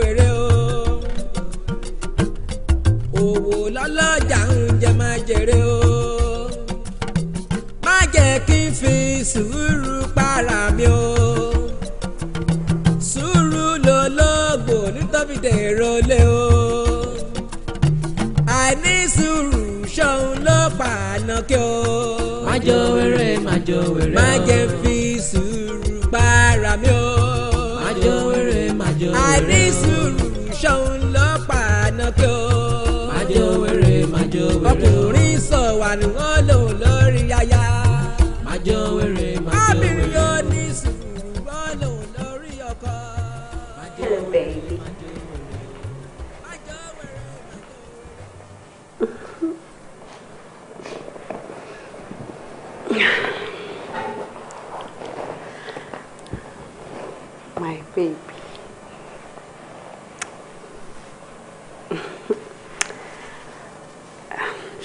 fi sùúrù para mi o sùúrù lológbò nítorí dèrò lé o àìní sùúrù ṣòun ló pa àná kí o. má jọ wẹrẹ má jọ wẹrẹ o má jẹ fi sùúrù para mi o. má wẹrẹ má wẹrẹ o àìní sùúrù ṣòun ló pa àná kí o.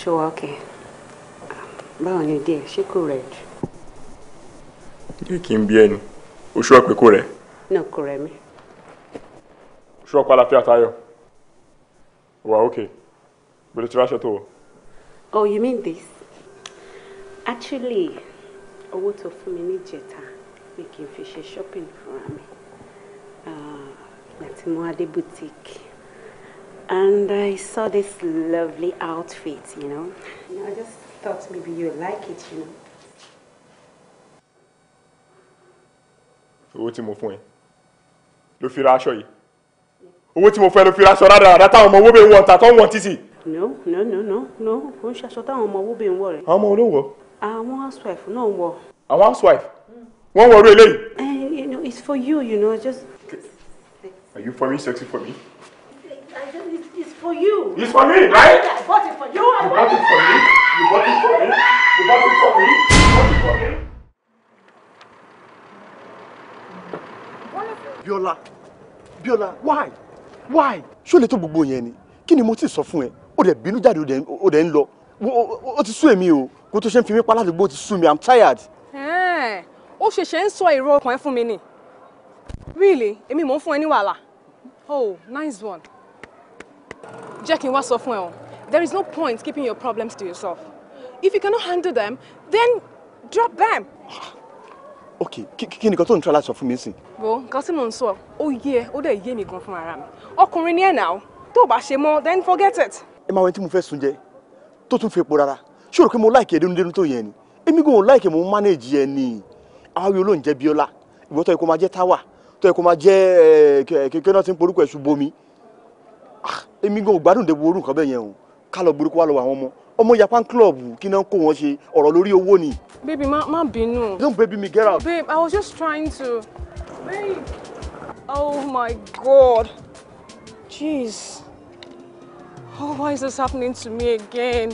ṣó wa ọkẹ báwo ni díẹ̀ ṣé kò rẹ̀ jù. yé kí n bí ẹni o ṣọ́ pé kò rẹ̀. náà kò rẹ̀ mí. ṣọ́ pa àlàáfíà Táyọ̀ wà ókè gbèdé tí wàá ṣètò. oh you mean this actually owó tó fún mi ní ìjẹta ni kì í fi ṣe shopping fúnra mi ah, ìgbà tí mo boutique and I saw this lovely outfit, you know. And I just thought maybe you like it, you know. Owó tí mo fún ẹ ló fi ra aṣọ yìí. Owó tí mo fún ẹ ló fi ra aṣọ rárá rárá táwọn ọmọ owó bẹ̀ ń wọ̀ ọ̀tà tó ń No no no no no kò ń ṣaṣọ táwọn ọmọ owó bẹ̀ ń wọ̀ rẹ̀. Àwọn ọmọ olówó. Àwọn housewife náà wọ̀. Àwọn housewife? Wọ́n wọ̀ ọ̀rọ̀ eléyìí. Ẹ eh, you know it's for you you know just. Are you for me sexy for me? I just for you. It's for me, right? I bought it for you. I bought it for me. You bought it for me. You bought it for me. You bought it for me. Biola, Biola, why? Why? Ṣó lè bubu gbogbo yẹn ni? Kí ni mo ti sọ fún ẹ? Ó dẹ̀ bínú jáde, ó dẹ̀ ń lọ. Ó ti sú èmi o. Kó tó ṣe ń fi mí mi. I'm tired. Eh. ṣẹ̀ṣẹ̀ ń sọ èrò ọkàn ẹ fún mi ni. Really? Èmi mò ń fún ẹ Oh, nice one. Jackie, what's n wá there is no point keeping your problems to yourself if you cannot handle them then drop them. Okay, can you nǹkan tó ń tọ́ láti sọ fún mi sí. bo nǹkan tí mò ń sọ ó yé ẹ ó dẹ̀ yé mi gan fúnra mi ọkùnrin ni ẹ̀ then forget it. ẹ máa to tí Sunday. fẹ́ sun jẹ tó Sure, fi like rárá don't o rò pé mo láìkè dénúdénú tó yẹn e, manage yẹn ni àwọn yòó ló ń jẹ Bíọ́lá ìwọ tó yẹ kó máa jẹ táwà tó yẹ kó máa jẹ eh, kí ọ náà ti èmi gan ò gbádùn débi orú nǹkan bẹ́ẹ̀ yẹn o ká lọ burúkú wá lọ àwọn ọmọ ọmọ japan club kí náà kó wọn ṣe ọ̀rọ̀ lórí owó ni. baby má má bínú. don't baby me get out. babe i was just trying to. babe oh my god jeez oh why is this happening to me again.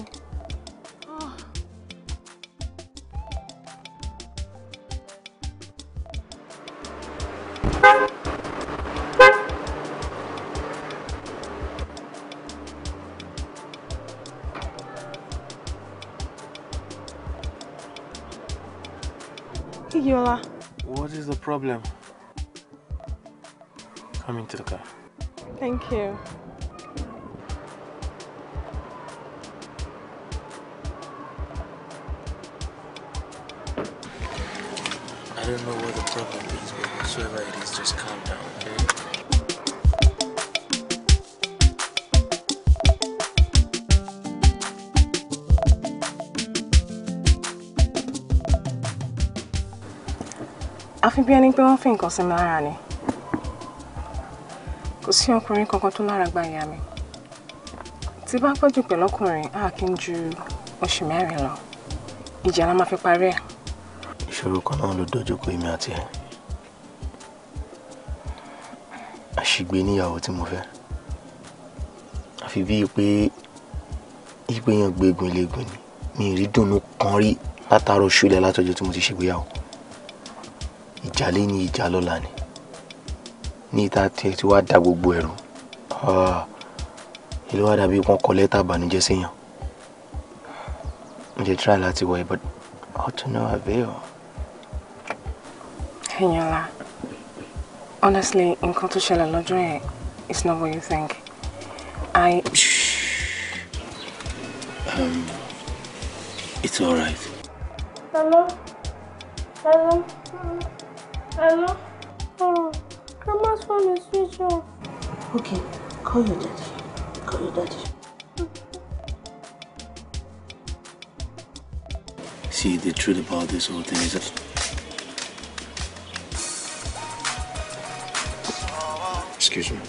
problem. Come into the car. Thank you. I don't know what the problem is, but sure, it is, just calm down. àfi bí ẹni pé wọ́n fi nǹkan sí mi lára ni kò sí ọkùnrin kankan tó lára gba ìyá mi tí bá pẹ́ jù pẹ̀lú ọkùnrin á kí n ju oṣù mẹ́rin lọ ìjà la máa fi parí ẹ̀. ìṣòro kan náà ló dojú kọ èmi àti ẹ àṣìgbé níyàwó tí mo fẹ́ àfi bíi pé ìgbéyàn gbégun léegun ni mi ì rí dùnú kan rí látara oṣù ilẹ̀ látọjọ́ tí mo ti ṣègbéyàwó ìjà lé ní ìjà lọ́la ni ní ìta tiẹ̀ tí wàá da gbogbo ẹ̀rù ìlú ah, wa dàbí wọn kọ lẹ́tà ìbànújẹ́ séèyàn mo ṣe try láti wọ̀ ẹ́ but how to no avail. Eniola, honestly, nǹkan tó ṣẹlẹ̀ lọ́jọ́ yẹn is not what you think. I. Um, it's alright. Hello? Hello? Hello? Oh, Grandma's phone is switch off. Okay, call your daddy. Call your daddy. See, the truth about this whole thing is that Excuse me.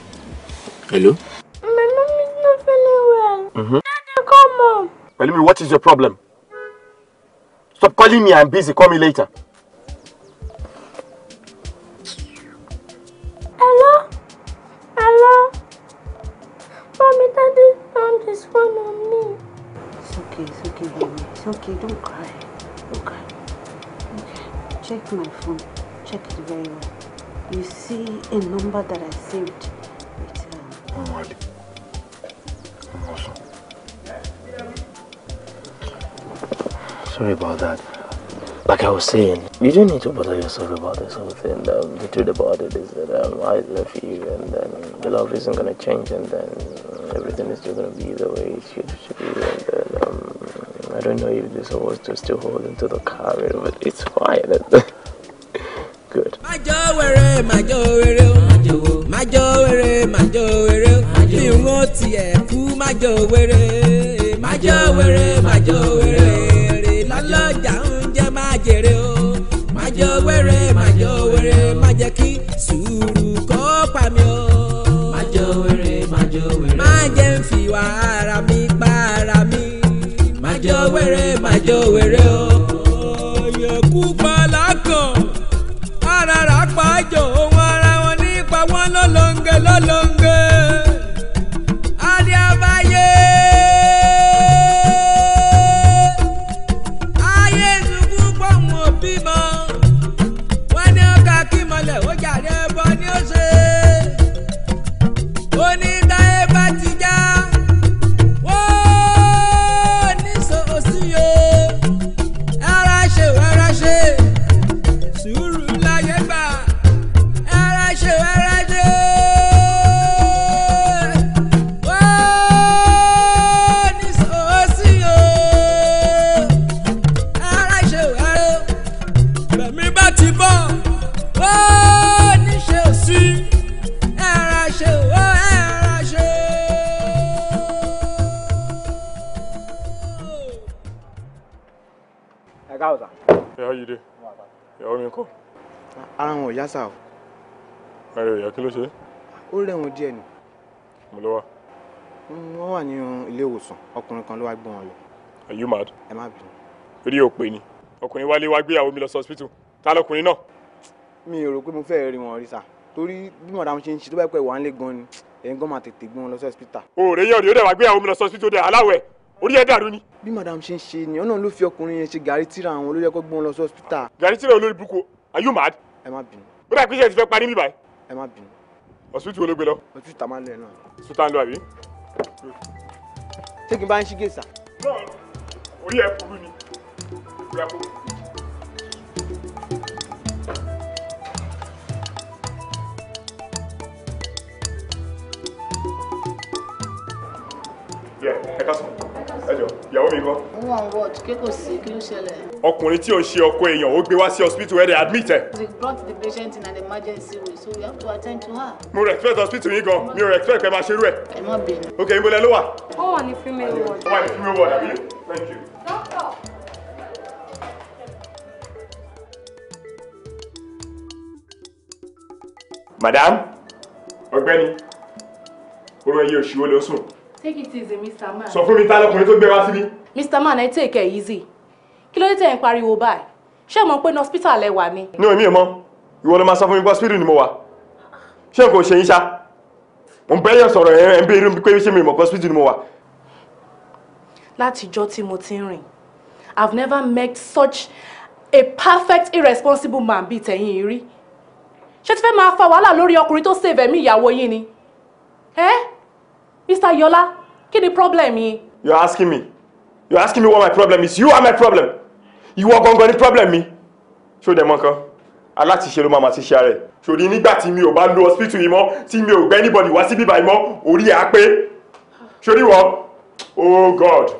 Hello? My mom is not feeling well. Mm -hmm. Daddy, come on. Tell me, what is your problem? Stop calling me. I'm busy. Call me later. you don't need to bother yourself about this whole thing. Um, the truth about it is that um, I love you, and then the love isn't gonna change, and then everything is just gonna be the way it should, should be. And then um, I don't know if this was to still hold into the car, but it's fine. Good. Majowere, majowere, majowere, majowere, majowere. wá ara mi pa ara mi. Màjọ wẹ̀rẹ̀ màjọ wẹ̀rẹ̀ o. díẹ̀ ni. mo lọ wá. Mm, wọ́n wà nínú ilé ìwòsàn ọkùnrin kan ló wá gbé lọ. are you mad. ẹ má bínú. orí ò pè ní ọkùnrin wálé wá gbéyàwó mi lọ sí hospital ta lọkùnrin náà. mi ò rò pé mo fẹ́ rí wọn rí sà torí bí mọ̀dàmú ṣe ń ṣe tó bá pẹ́ wà ń gan ni ẹ̀yin gan máa tètè gbé lọ sí hospital. òòrè yẹ òòrè yóò dẹ̀ wá gbéyàwó mi lọ sí hospital dẹ̀ aláwẹ̀ orí ẹ dàrú ni. bí madam ṣe ń ṣe ni ọ̀nà ló fi ọkùnrin yẹn ṣe gàrí tíra àwọn olóyè kó gbọ́n lọ sí hospital. gàrí tíra olórí burúkú are you mad. ẹ má bínú. ó dà pé iṣẹ́ ti fẹ́ parí mi báyìí. ẹ má bínú ọsibítù wo ló gbé lọ. ọsibítù tá a máa ń lọ ẹ náà. ọsibítù tá a ń lọ àbí. ṣé kí n bá ń ṣí gèsà. náà orí ẹ kúrú ni orí ẹ ká sọ ẹjọ ìyàwó mi kọ́. wọn ò wọ kí kò sí kí ló ṣẹlẹ̀. ọkùnrin tí ò ń ṣe ọkọ èèyàn ó gbé wá sí hospital where they admit ẹ. we brought the patient in an emergency way, so we have to attend to her. mo respect hospital yín gan mi ò respect pé máa ṣerú ẹ. ẹ má bínú. ok ibo lẹ ló wà. ó wà ní female ward. ó wà ní female ward àbí thank you. doctor. madam ọ̀gbẹ́ni orun ẹyẹ oṣù wo ló sùn. Take it easy, Mr. Man. So from mi ta lọkùnrin tó gbé wá Mr. Man, I take it easy. Kí ló dé tẹ̀ ń pariwo báyìí? Ṣé ẹ mọ̀ pé hospital lẹ wà me, Ní èmi ò mọ̀, ìwọ ló máa sọ fún mi pé hospital ni mo wà. Ṣé nǹkan ò ṣe yín ṣá? Mo ń bẹ́ yàn sọ̀rọ̀ ẹ̀ ń bèèrè pé ṣé mi mọ̀ pé hospital ni mo wà. Látijọ́ tí mo I've never met such a perfect irresponsible man bíi tẹ̀yìn rí. Ṣé ti fẹ́ máa fa wàhálà lórí ọkùnrin tó save me? ìyàwó yín ni? eh? Mr. Yola, kí ni problem You're asking me. You're asking me what my problem is. You are my problem. You Ìwọ gangan ni problem me. Show them uncle. I like to share my ti ṣe ara ẹ̀. Ṣòrí nígbà tí mi ò bá lo hospital yìí mọ́, tí mi ò gbé anybody wá síbí báyìí mọ́, orí ẹ̀ á pé. Ṣòrí wọ, oh God,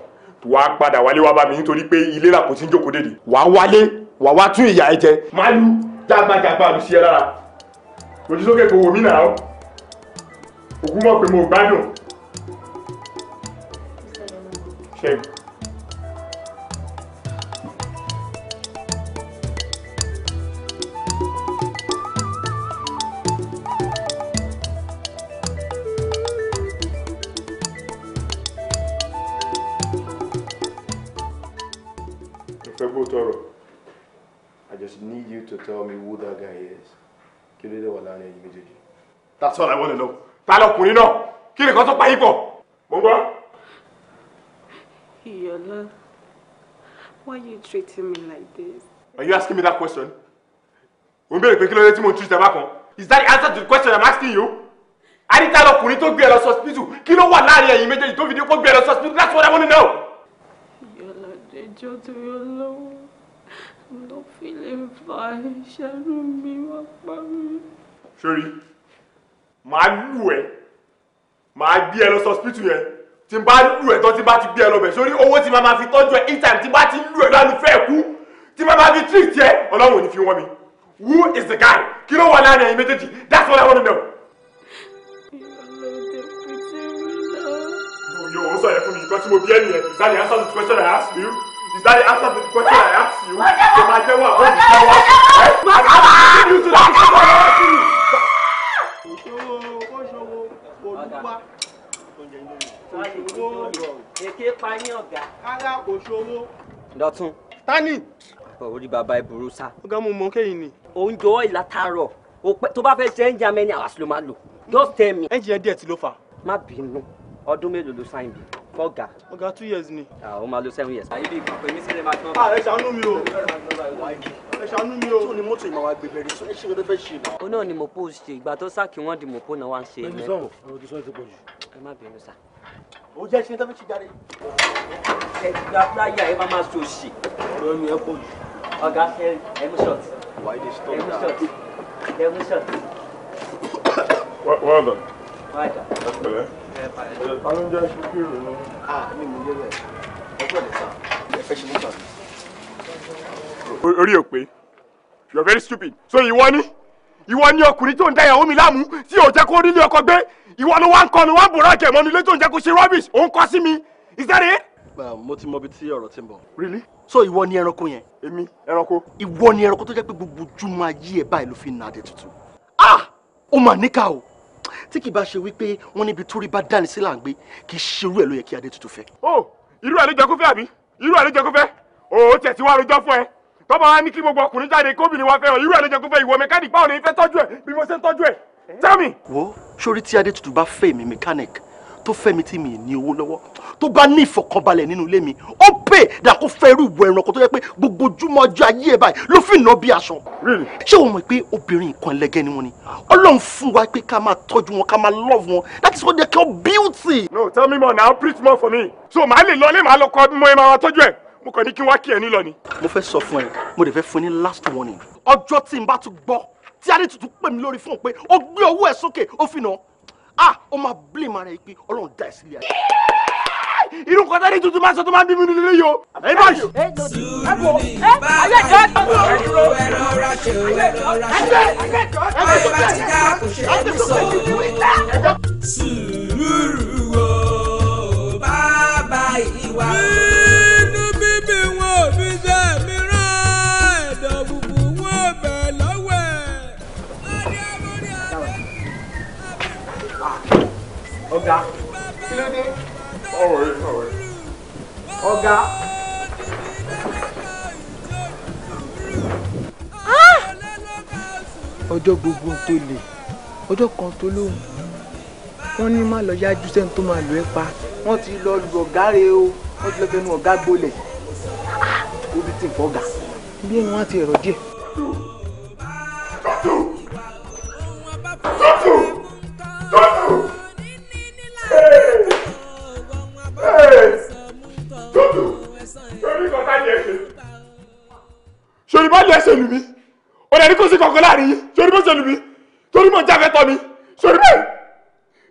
wàá padà wálé wá bá mi nítorí pé ilé làpò tí ń jókòó dèdè. Wàá wálé, wàá wá tún ìyá ẹ jẹ. Màá lu jágbàjàgbà àlùsí ẹ lára. Òjísókè kò wò mí náà. Ògún mọ̀ pé mo gbádùn ṣẹ́gun. Toro, I just need you to tell me who that guy is. Kí ló dé wà láàrin That's all I want to know. Ta lọkùnrin náà? Kí ni kan tó pa yín Mungo. Iyola, why are you treating me like this? Are you asking me that question? Ó ń béèrè pé kí ló dé tí mo ń treat Is that the answer to the question I'm asking you? Anita lọkùnrin tó gbé ẹ lọ hospital. Kí ló wà láàrin ẹ̀yin méjèèjì tó fi di video for ẹ lọ hospital? That's what I want to know. Yola, ẹjọ́ tó yọ lọ́wọ́. Mo fi lè fa ìṣẹ́rú mi wá pa mí. Sori, my lù ẹ́, màá gbé hospital yẹn tí n bá lù ẹ̀ tán tí n bá ti gbé ẹ lọ bẹ̀ sórí owó tí màmá fi tọ́jú ẹ in time tí n bá ti lù ẹ lálùfẹ́ kú tí màmá fi treat ẹ ọlọ́run ò ní fi wọ́n mi who is the guy kí ló wà láàrin ẹ̀yin méjèèjì that's what I want to know. yóò ó sọ̀rọ̀ fún mi nǹkan tí mo bí ẹ nìyẹn answer the question I asked you is answer the question I asked you ṣe máa jẹ́ wà ó ní jẹ́ wà ẹ́ I'm asking you to the question I asked you owó dọ̀tún. tani. orí bàbá ìbúrú sá. ọgá mo mọ kéyìn ni. oúnjẹ ọ̀ọ́ ìlàtàrọ̀ tó bá fẹ́ jẹ́ ẹ̀ńjà mẹ́ni àwa ló máa lò just tell me. ẹ̀ńjì yẹn díẹ̀ tí ló fà. má bínú ọdún mélòó ló sáyìn bí fọ́gà. ọ̀gá two years ni. ó máa lo seven years. àyè bí ìgbà pé mi sílẹ̀ máa tán. ẹ ṣàánú mi o ẹ ṣàánú mi o. tó ni mọ́tò ìmọ̀ wa gbẹgbẹ rí sọ ẹ ṣe wẹ́rẹ́ fẹ́ ṣe náà. ó náà ni mo pò ṣe ìgbà tó sá kí wọ́n di mo pò náà wá ń ṣe. ẹ má bínú sá. O jẹ́ ṣe tọ́fíìsì jáde. ẹ̀ka fúláyà ẹ máa máa so òṣì ọ̀rọ̀ ẹnu ẹ pọ̀ jù ọ̀gá ẹmu ṣọ̀tì ẹmu ṣọ̀tì ẹmu ṣọ̀tì. wọ́n dà. wọ́n dà. ẹ pẹ̀lẹ́. Ah, ẹ pẹ̀lẹ́. àwọn oúnjẹ ṣe kí èrò náà. a mi mú yé bẹ́ẹ̀ ẹ gbọ́dọ̀ sá ẹ fẹ́ ṣe mú tàbí. orí ò pé you are very stupid so ìwọ ni ìwọ ni ọkùnrin tó ń da ìyàwó mi láàmú tí ò jẹ́ kó rí ilé ọkọ gbé ìwọ ni wọ́n ń kọnu wọ́n ń bòrò àjẹ́ ilé tó ń jẹ́ kó ṣe rubbish òun kọ́ sí mi is that it. mo ti mọ ibi tí ọ̀rọ̀ ti ń bọ̀. really. so ìwọ ni ẹranko yẹn. èmi ẹranko. ìwọ ni ẹranko tó jẹ́ pé gbogbo ojúmọ́ ayé ẹ̀ báyìí ló fi ń nàdẹ̀ tuntun. ah ó mà níkà o tí kì í bá ṣe wípé wọ́n níbi tó rí bá dání sí là ń gbé kì í ṣe irú ẹ̀ ló yẹ kí adé tuntun fẹ́. o oh, irú ẹ̀ ló ẹ tọ́ba wa ní kí gbogbo ọkùnrin jáde kóbìnrin wa fẹ́ràn irú ẹ̀ ló jẹ́ kó fẹ́ ìwọ mechanic báwo ni fẹ́ tọ́jú ẹ̀ bí mo ṣe ń tọ́jú ẹ̀ tell me. wo sórí tí adétutù bá fẹ́ mi mechanic tó fẹ́ mi tí mi ní owó lọ́wọ́ tó bá ní ìfọ̀kànbalẹ̀ nínú ilé mi ó pè dà kó fẹ́ irú ìwọ ẹranko tó yẹ pé gbogbo ojúmọ́ ọjọ́ ayé ẹ̀ báyìí ló fi ná bí aṣọ. ṣé o mọ̀ pé obìnrin nǹkan ẹlẹgẹ́ ni wọ́n ni ọlọ́run fún wa pé ká máa tọ́jú wọn ká máa love wọn that is what they call beauty. no tell me more now preach more for me so màá lè lọ ilé màá lọ kọ́ mọ́ ẹ máa tọ́jú ẹ̀ mo kàn ní kí n wá kí ẹ nílọ ni. mo fẹ́ sọ fún ẹ mo lè fẹ́ fún ẹ ní last warning. ọjọ́ tí n bá tún gbọ́ tí adé tuntun pè mí lórí fún un pé ó gbé owó ẹ̀ sókè ó fi nà á ó máa blame ara ẹ pé ọlọ́run dá ẹ sílé ayé. irú kọ́tà ní tuntun máa sọ tó máa ń bí mi nínú ilé yìí o. ẹ bá yìí. ẹ bò ẹ ayé jọ ẹ tó kúrò. ẹ jọ ẹ jọ ẹ jọ ẹ jọ ẹ jọ sùúrù o bàbá ìwà. Oga, kí ló dé. ọ̀rọ̀ yìí ọ̀rọ̀ yìí. ọ̀gá. Ah! ọjọ́ gbogbo tó le ọjọ́ kan tó lóhùn wọ́n ní má lọ yájú sẹ́ni tó máa lù ẹ́ pa wọ́n ti lọ lu ọ̀gá rẹ o wọ́n ti lọ fẹnu ọ̀gá gbolẹ̀ obi ti fọ́ ga bí wọ́n á ti ẹ̀rọ díẹ̀. Tọ́tù! Tọ́tù! Tọ́tù! sori bá lọ ẹsẹ̀ lù mí ọ̀dà ní kò sí kankan láàrin yìí sori bá ṣe lù mí torí mò ń mi sori bẹ́ẹ̀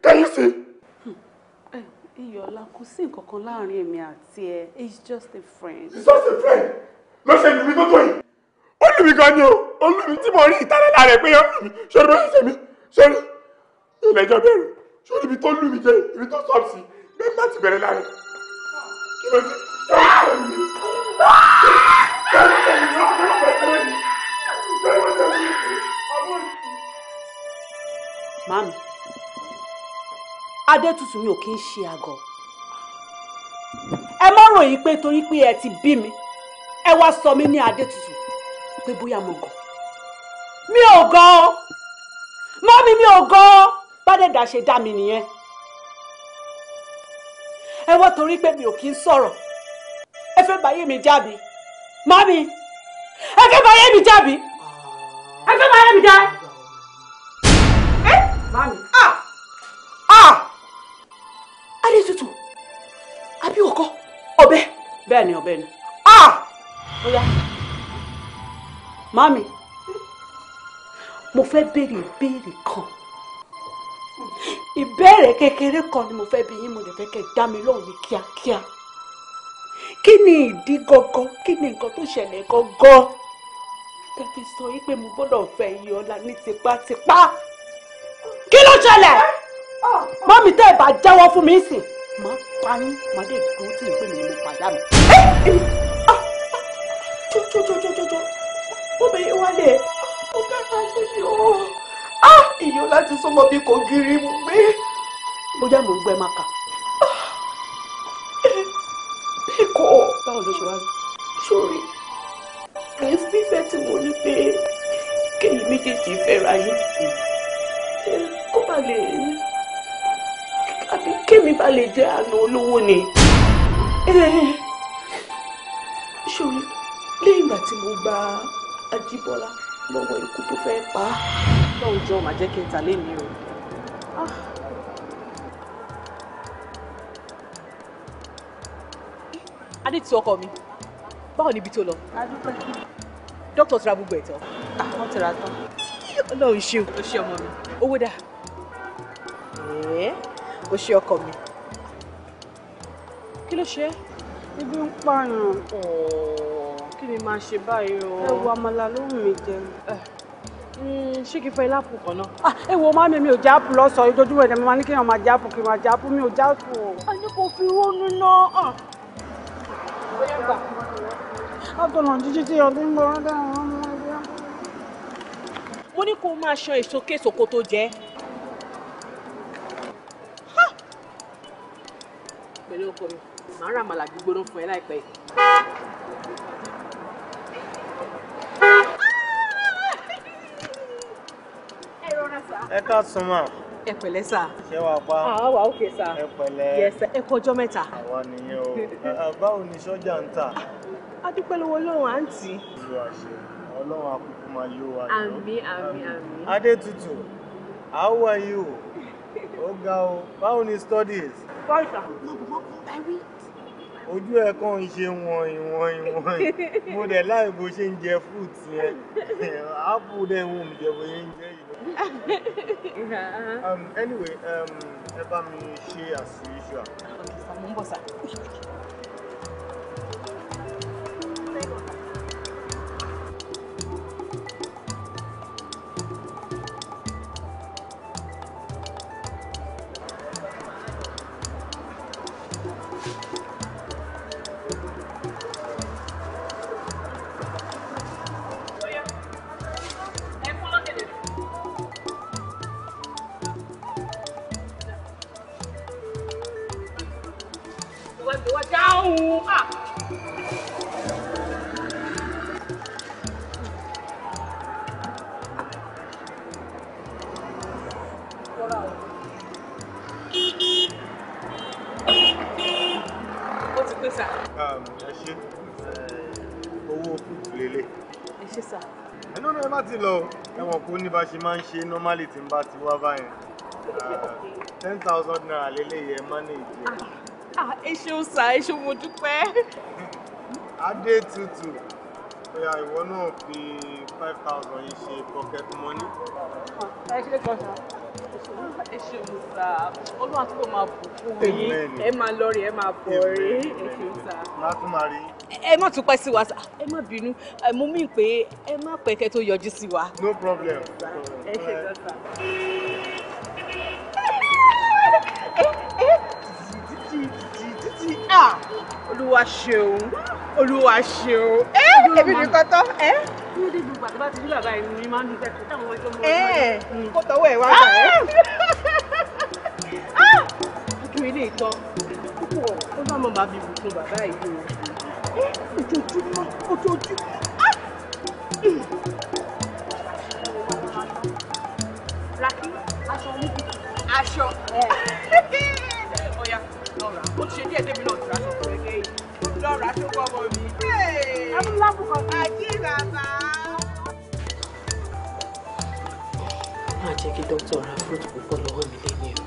kẹ́yìn sí. iyọ̀lá kò sí nǹkan láàrin èmi àti ẹ it's just a friend. it's just a friend lọ ṣe lù mí tó tó yìí ó lù mí gan ni o ó lù mí tí mo rí ìtara lára ẹ pé ó lù mí sori bá ṣe mí sori ìlẹ̀jọ́ bẹ̀rẹ̀ sori ibi tó lù mí jẹ ibi tó sọ̀rọ̀ sí bẹ́ẹ̀ má ti bẹ̀rẹ̀ lára kí ló mami adétutù mi ò kí ń ṣe àgọ ẹ má ròyìn pé torí pé ẹ ti bí mi ẹ wá sọ mí ní adétutù pé bóyá mo gọ̀ mi ò gọ̀ ọ́ mọ́mí mi ò gọ̀ ọ́ bádẹ́dà ṣe dá mi nìyẹn ẹ wá torí pé mi ò kí ń sọ̀rọ̀ ẹ fẹ́ báyé mi jábì mọ́mí ẹ fẹ́ báyé mi jábì ẹ fẹ́ báyé mi jábì. Mami. Ah! Ah! Adétutù, àbí ọkọ, ọ̀bẹ. Bẹ́ẹ̀ ni ọ̀bẹ ni. Ah! Bóyá. Mami, mo fẹ́ béèrè ìbéèrè kan. Ìbéèrè kékeré kan ni mo fẹ́ bi yín, mo lè fẹ́ kẹ́ dá mi lóhùn ní kíákíá kí ni ìdí gangan kí ni nǹkan tó ṣẹlẹ̀ gangan tẹ̀fi sọ yí pé mo gbọ́dọ̀ fẹ́ yọ̀ọ́la ní tipátipá kí ló ṣẹlẹ̀ oh. mọ́mí tẹ́ ẹ bá jẹ́wọ́ fún mi sìn máa pa yín máa dé dùn tí ìpè mi mo padà mi. jọjọjọjọjọ ó bẹ yín wálé ó bẹ ká ṣe ni ó ìyó láti súnmọ́ bí kò gírí mú mi. bóyá mò ń gbẹ máa kà. bí ah! kò báwo ló ṣe wá rí. sórí kì í fífẹ́ tí mo ní pé kéyìn méjèèjì fẹ́ra yín bá lè àbí kémi bá lè jẹ́ àna olówó ni ṣòro lẹ́yìn ìgbà tí mo gba Ajíbọ́lá lọ́wọ́ ikú tó fẹ́ pa á. lọ́wọ́ jọ màá jẹ́ kí n ta lé mi o. adé ah. ti ọkọ mi báwo níbi tó lọ. dókítà ti ra gbogbo ẹ̀ tán. àwọn ah, ti tán. ọlọ́run ṣeun. ó ṣe ọmọ mi. owó dáa ẹ́ o ṣe ọkọ mi kí ló ṣe é. ibi ń pààyàn kí ni màá ṣe báyìí o. ẹ wo àmàlà ló wù mí jẹ. Eh, mm, ṣé kí n fẹ́ iláàpù kan náà. Ah, ẹ wo máa mi mi ò já àpù lọ́sọ̀ọ́ ojoojúmọ́ ẹ̀dẹ̀ máa ní kéèyàn máa já àpù kí n máa já àpù mi ò já àpù a ní kò fi ronú náà. ọ̀dọ̀nà jíjí tí ọdún gbọ́dọ̀ dáhùn ọmọ ẹgbẹ́. mo ní kó máa ṣan èso késo kó tó jẹ́. wọlé ọkọ mi màá ra àmàlà gbígbóná fún ẹ láìpẹ́ yìí. ẹ rọra sá. ẹ ká sún mọ́. ẹ pẹ̀lẹ́ sá. ṣé wàá pa. àwa òkè sá. ẹ pẹ̀lẹ́. yẹsẹ ẹ kọjọ mẹ́ta. àwa nìyẹn o báwo ni sọ́jà ń tà. a dúpẹ́ lọ́wọ́ Ọlọ́run àǹtí. Ọlọ́run àkókò máa yó wa. àmín àmín àmín. Adétutù how are you? ó ga o báwo ni studies. bọ́ọ̀sà ojú ẹ kàn ń ṣe wọ̀n ìwọ̀n ìwọ̀n mo dẹ̀ láì bó ṣe ń jẹ fruit yẹn ápù dẹ̀ ń wù mí jẹ bó ṣe ń jẹ yìí. Um, anyway um, ẹ bá mi ṣe as ọ̀sán mo ń ṣe máa ń ṣe normally tí n bá ti wá báyẹn ah, ten thousand naira lélẹ́yẹ mọ́nì ìjẹ́. Ah, ẹ ṣeun sá ẹ ṣeun mo dúpẹ́. adé tutù bóyá ìwọ náà fi five thousand yìí ṣe pocket money. Ah, ẹ ṣe kọjá ẹ ṣeun sá olúwa àtúkò máa bùkún yín ẹ máa lọ rí ẹ máa bọ̀ rí ẹ ṣeun sá. máa tún máa rí. ẹ má tún pẹ́ sí wa sá ẹ má bínú mo mí pé ẹ má pẹ́ kẹ́ tó yọjú sí wa. no problem. ẹ ṣe gan sá. olúwa ṣeun olúwa ṣeun ẹ eh! ẹbí nìkan tán ẹ. Eh? ló dé gbogbo àti bá ti rí bàbá yìí ni máa ń dúpẹ́ kó táwọn ọmọ ẹjọ́ mọ́ ọ́n. kó tọwọ́ ẹ̀ wá gbà ẹ́. ojú tó kọ́ ọmọ mi. Abúlé. Abúlé. Àjí bàbá. má jẹ́ kí dókítà ra fruit púpọ̀ lọ́wọ́ mi lé ní o.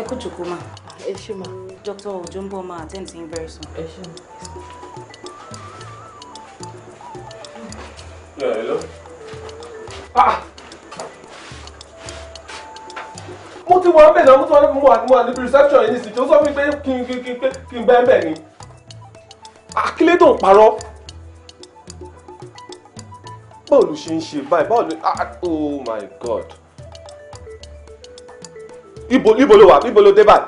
ẹ kú jùkú mà ẹ ṣé mà dókítà òjò ń bọ̀ máa attend to you very soon. ẹ ṣé mà. Yeah, hello. Ah! mo ti wọ ọbẹ̀ náà mo ti wọ mo wà mo wà níbi reception yìí nísìnyí tó sọ fún mi pé kí n kí n pé kí n bẹ́ẹ̀ bẹ́ẹ̀ ni. akílẹ̀ ah, tó ń parọ́ báwo ló ṣe ń ṣe báyìí báwo ló ah, ah, oh my god ibo ibo ló wà ibo ló dé báyìí.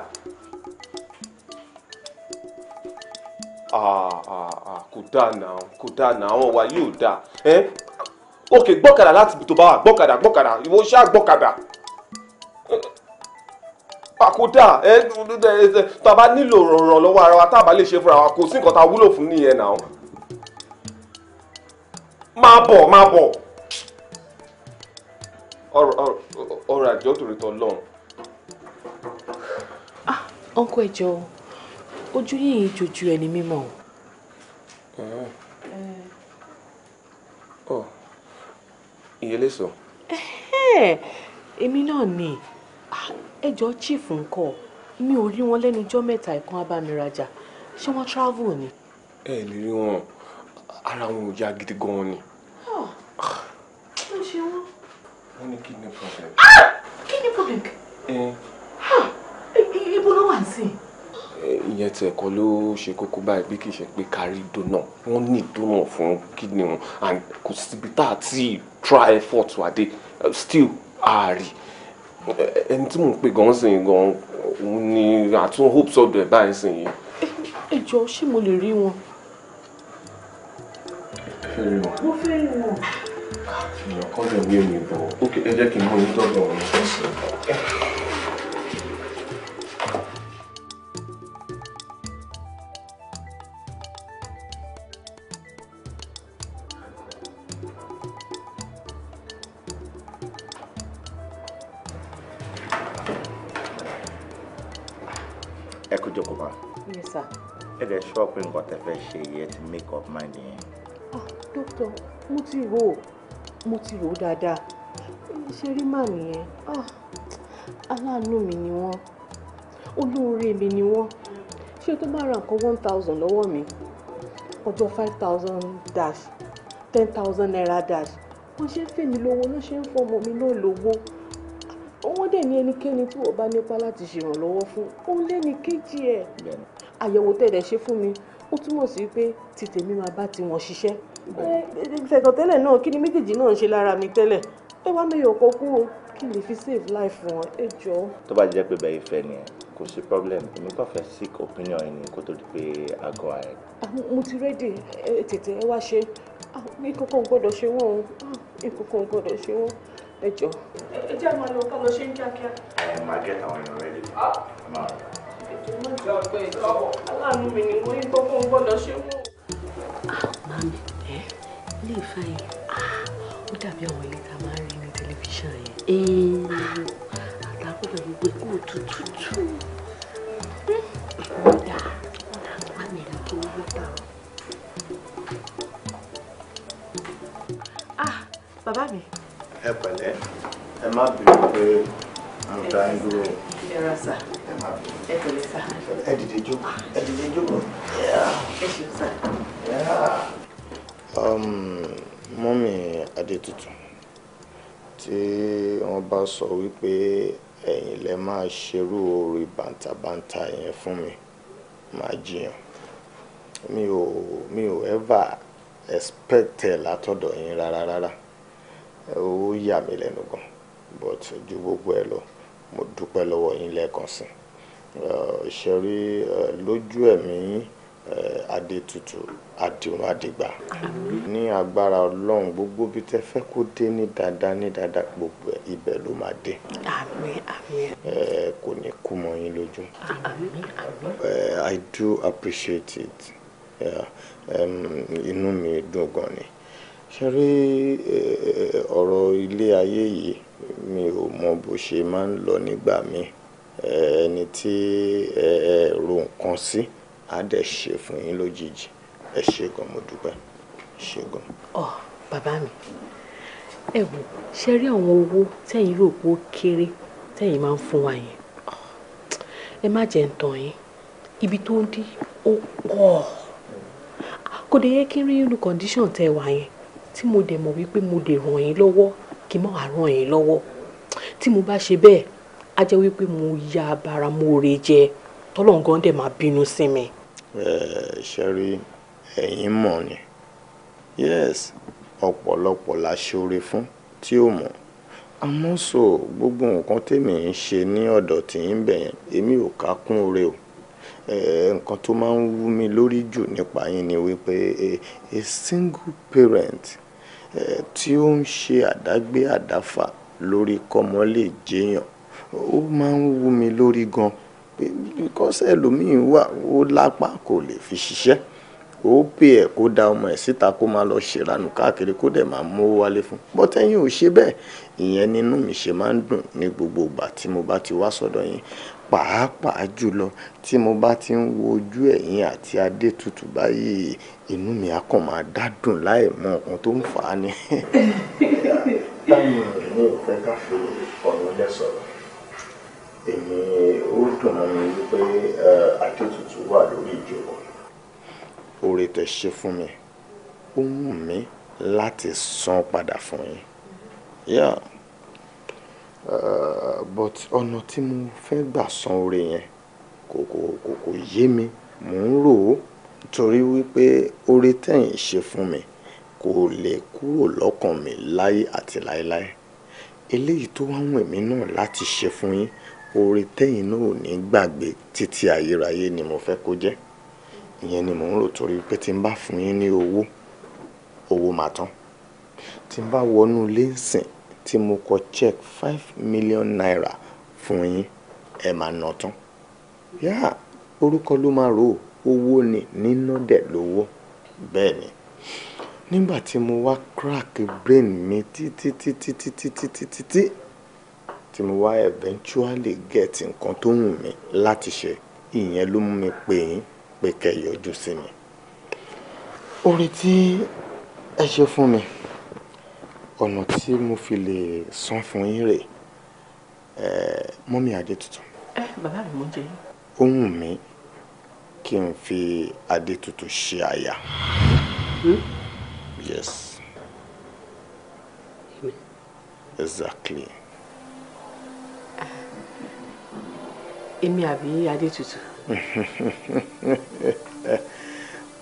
ah ah ah kò dáa náà kò dáa náà àwọn wa yóò dáa ẹ ok gbọ́kadà láti ibi tó bá wà gbọ́kadà gbọ́kadà ìwọ ṣáà gbọ́kadà àkódà ẹ tàbá nílò ìrànlọ́wọ́ ara wa tàbá lè ṣe fúnra wa kò sí nǹkan tá a wúlò fún nìyẹn náà máa bọ̀ máa bọ̀. ọ̀rọ̀ àjọ tòrò tọ lọ́run. Ah, ọkọ ìjọ ojú yìnyín jojú ẹni mímọ́ o. Eh. Oh. ìyẹlé sọ. èmi náà ni ah, ẹjọ chief ńkọ mi ò rí wọn lẹ́nu ọjọ́ mẹ́ta ìkan abamiraja ṣé wọ́n travel ni. ẹ lè rí wọn ara wọn ò yá gidi gan-an ni. wọ́n kidney problem. Ah! kidney problem. Ah! ibo ló wà ń sìn. ìyẹn tí ẹ̀kọ́ ló ṣe kókó báyìí bí kì í ṣe pé kárí dóná wọ́n ní dóná fún kidney and kò síbi tá a ti try effort wà dé still ààrì ẹni tí mò ń pè gan-an sìn gan-an òun ni àtún hope sọ́dọ̀ ẹ̀ báyìí sìn yìí. ẹ mo lè rí wọn. mo fẹ́ rí ọkọ rẹ̀ wí mi bọ̀ ó kí ẹ jẹ́ kí n mú yín dọ́dọ̀ ọ̀run sọ́sẹ̀. ẹ kú jókòó make up mind ah dókítà mo ti mo ti rò ó dáadáa ṣe rí mà nìyẹn ah, aláàánú mi ni wọ́n olóore mi ni wọ́n ṣé tó bá ra nǹkan one thousand lọ́wọ́ mi ọjọ́ five thousand dash ten thousand naira dash bó ṣe ń fèmí lówó ló ṣe ń fọmọ mi náà lówó owó dẹ̀ ní ẹnikẹ́ni tí wọ́n bá nípa láti ṣèrànlọ́wọ́ fún òun lẹ́ni kejì ẹ̀ àyẹ̀wò tẹ̀lẹ̀ ṣe fún mi ó túmọ̀ sí pé ti tèmi máa bá tiwọn ṣiṣẹ́ ṣẹ̀kọ̀tẹ́lẹ̀ eh, eh, náà kí ni méjèèjì náà ń ṣe lára mi tẹ́lẹ̀ ẹ wá mẹ́yọ̀ kọ́ kú o kí n lè fi save life wọn ẹ jọ. tó bá jẹ́ pé bẹ́ẹ̀ ìfẹ́ ni ẹ kò sí problem èmi kàn fẹ́ seek opinion ẹni kó tó di pé a go ahead. Ah, mo ti ready ẹ tètè ẹ wá ṣe ní ah, kankan gbọ́dọ̀ ṣe wọ́n o ní ah, kankan gbọ́dọ̀ ṣe wọ́n ẹ jọ. ẹ jẹ́ àwọn ọlọ́ọ̀ká lọ ṣe ń kíákíá. ẹ máa gẹ́ta àwọn èèyàn rẹ̀ lè máa aláàánú mi ni mo ní gbọ́ fún gbọ́dọ̀ ṣé mú. mami lè fa yẹn ó dàbí àwọn ilé tá a máa ń rí ní tẹlifíṣàn yẹn. àtàkùn náà gbé kó tutù jù. ọ̀dà ọ̀dà pàmì rẹ̀ kí ẹ dìde jókòó ẹ dìde jókòó. Um, mọ́mì adétutù tí wọ́n bá sọ wípé ẹ̀yin lẹ máa ṣerú orí bàǹtàbàǹtà yẹn fún mi máa jiyàn mi ò mi ò ever expect ẹ̀ látọ̀dọ̀ yín rárá rárá ó yà mí lẹ́nu gan but ju gbogbo ẹ lọ mo dúpẹ́ lọ́wọ́ yín lẹ́ẹ̀kan sí i. Eh, ìṣẹ̀rí eh, lójú ẹ̀mí eh, adétutù àdìrún àdìgbà ní agbára ọlọ́run gbogbo bí tẹ fẹ́ kó dé ní dáadáa ní dáadáa gbogbo ibẹ̀ ló máa dé kò ní kú mọ́ yín lójú I do appreciate it inú mi dùn gan ni ṣe rí ọ̀rọ̀ ilé ayé yìí mi ò mọ bó ṣe máa ń lọ nígbà míì ẹni tí ẹ ro nǹkan sí á dẹ̀ ṣe fún yín lójijì ẹ ṣe gan mo dúpẹ́ ṣe gan. ọ bàbá mi ẹ wò ṣe rí àwọn owó tẹ̀yin rò pé ó kéré tẹ̀yin máa ń fún wa yẹn ẹ má jẹ́ ń tàn yín ibi tó ń dí ó pọ̀ kò dé yẹ kí n rí inú condition tẹ wà yẹn tí mo dẹ̀ mọ̀ wípé mo dẹ̀ ràn yín lọ́wọ́ kí n má wàá ràn yín lọ́wọ́ tí mo bá ṣe bẹ́ẹ̀ á jẹ́ wípé mo ya bara mo rè jẹ tọ́lọ́n gan dẹ̀ máa bínú sí mi. ẹ ṣe rí ẹ̀yin mọ̀ ni yes ọ̀pọ̀lọpọ̀ la ṣoore fún tí ó mọ̀ àmọ́ so gbogbo nǹkan tèmi ń ṣe ní ọ̀dọ̀ tí ń bẹ̀ yẹn èmi ò ká kún ore o nǹkan tó máa ń wú mi lórí jù nípa yín ni wípé e, a single parent tí ó ń ṣe àdágbé àdáfà lórí kọ́mọ lè jẹyàn ó máa ń wú mi lórí gan because ẹlòmíì wà ó lápá kò lè fi ṣiṣẹ́ ó pè ẹ̀ kó da ọmọ ẹ̀ síta kó máa lọ ṣèranù káàkiri kó dẹ̀ máa mówó wálé fún bọ́tẹ́yìn ò ṣe bẹ́ẹ̀ ìyẹn nínú mi ṣe máa ń dùn ní gbogbo ìgbà tí mo bá ti wá sọ́dọ̀ yín pàápàá jùlọ tí mo bá ti ń wo ojú ẹ̀yìn àti adé tutù báyìí inú mi á kàn máa dádùn láì mọ nǹkan tó ń fà á ni. táyà mi ò ká fi ọ̀rọ̀ lẹ́sọ̀rọ̀ èmi ó dùn mọ́ mi wípé adétutù wà lórí ìjókòó. oore tẹ́ ṣe fún mi ó wù mí láti san padà fún yín yeah. but ọ̀nà tí mo fẹ́ gbà san oore yẹn kò kò kò kò yé mi mò ń rò ó torí wípé oore tẹ̀yìn ṣe fún mi kò lè kúrò lọ́kàn mi láyé àti láéláé eléyìí tó wá wùn mí náà láti ṣe fún yín oore tẹ́yìn náà ò ní gbàgbé títí ayérayé ni mo fẹ́ kó jẹ́ ìyẹn ni mò ń rò torí pé tí n bá fún yín ní owó owó máa tán tí n bá wọnú ilé tí mo kọ check five million naira fún yín ẹ máa ná tán yá orúkọ ló máa rò owó ni níná dẹ̀ lówó bẹ́ẹ̀ ni nígbà tí mo wá crack brain mi títí títí títí títí títí tí mo wá eventually get nǹkan tó wù mí láti ṣe ìyẹn ló mú mi pè yín pé kẹ́ yọjú sí mi. orin tí ẹ ṣe fún mi ọ̀nà tí mo fi lè san fún yín rèé mọ́mí Adétutù. ẹ bàbá mi mo jẹ yín. ó wù mí kí n fi Adétutù ṣe aya. Hmm? Yes. Exactly. èmi àbí adétutù.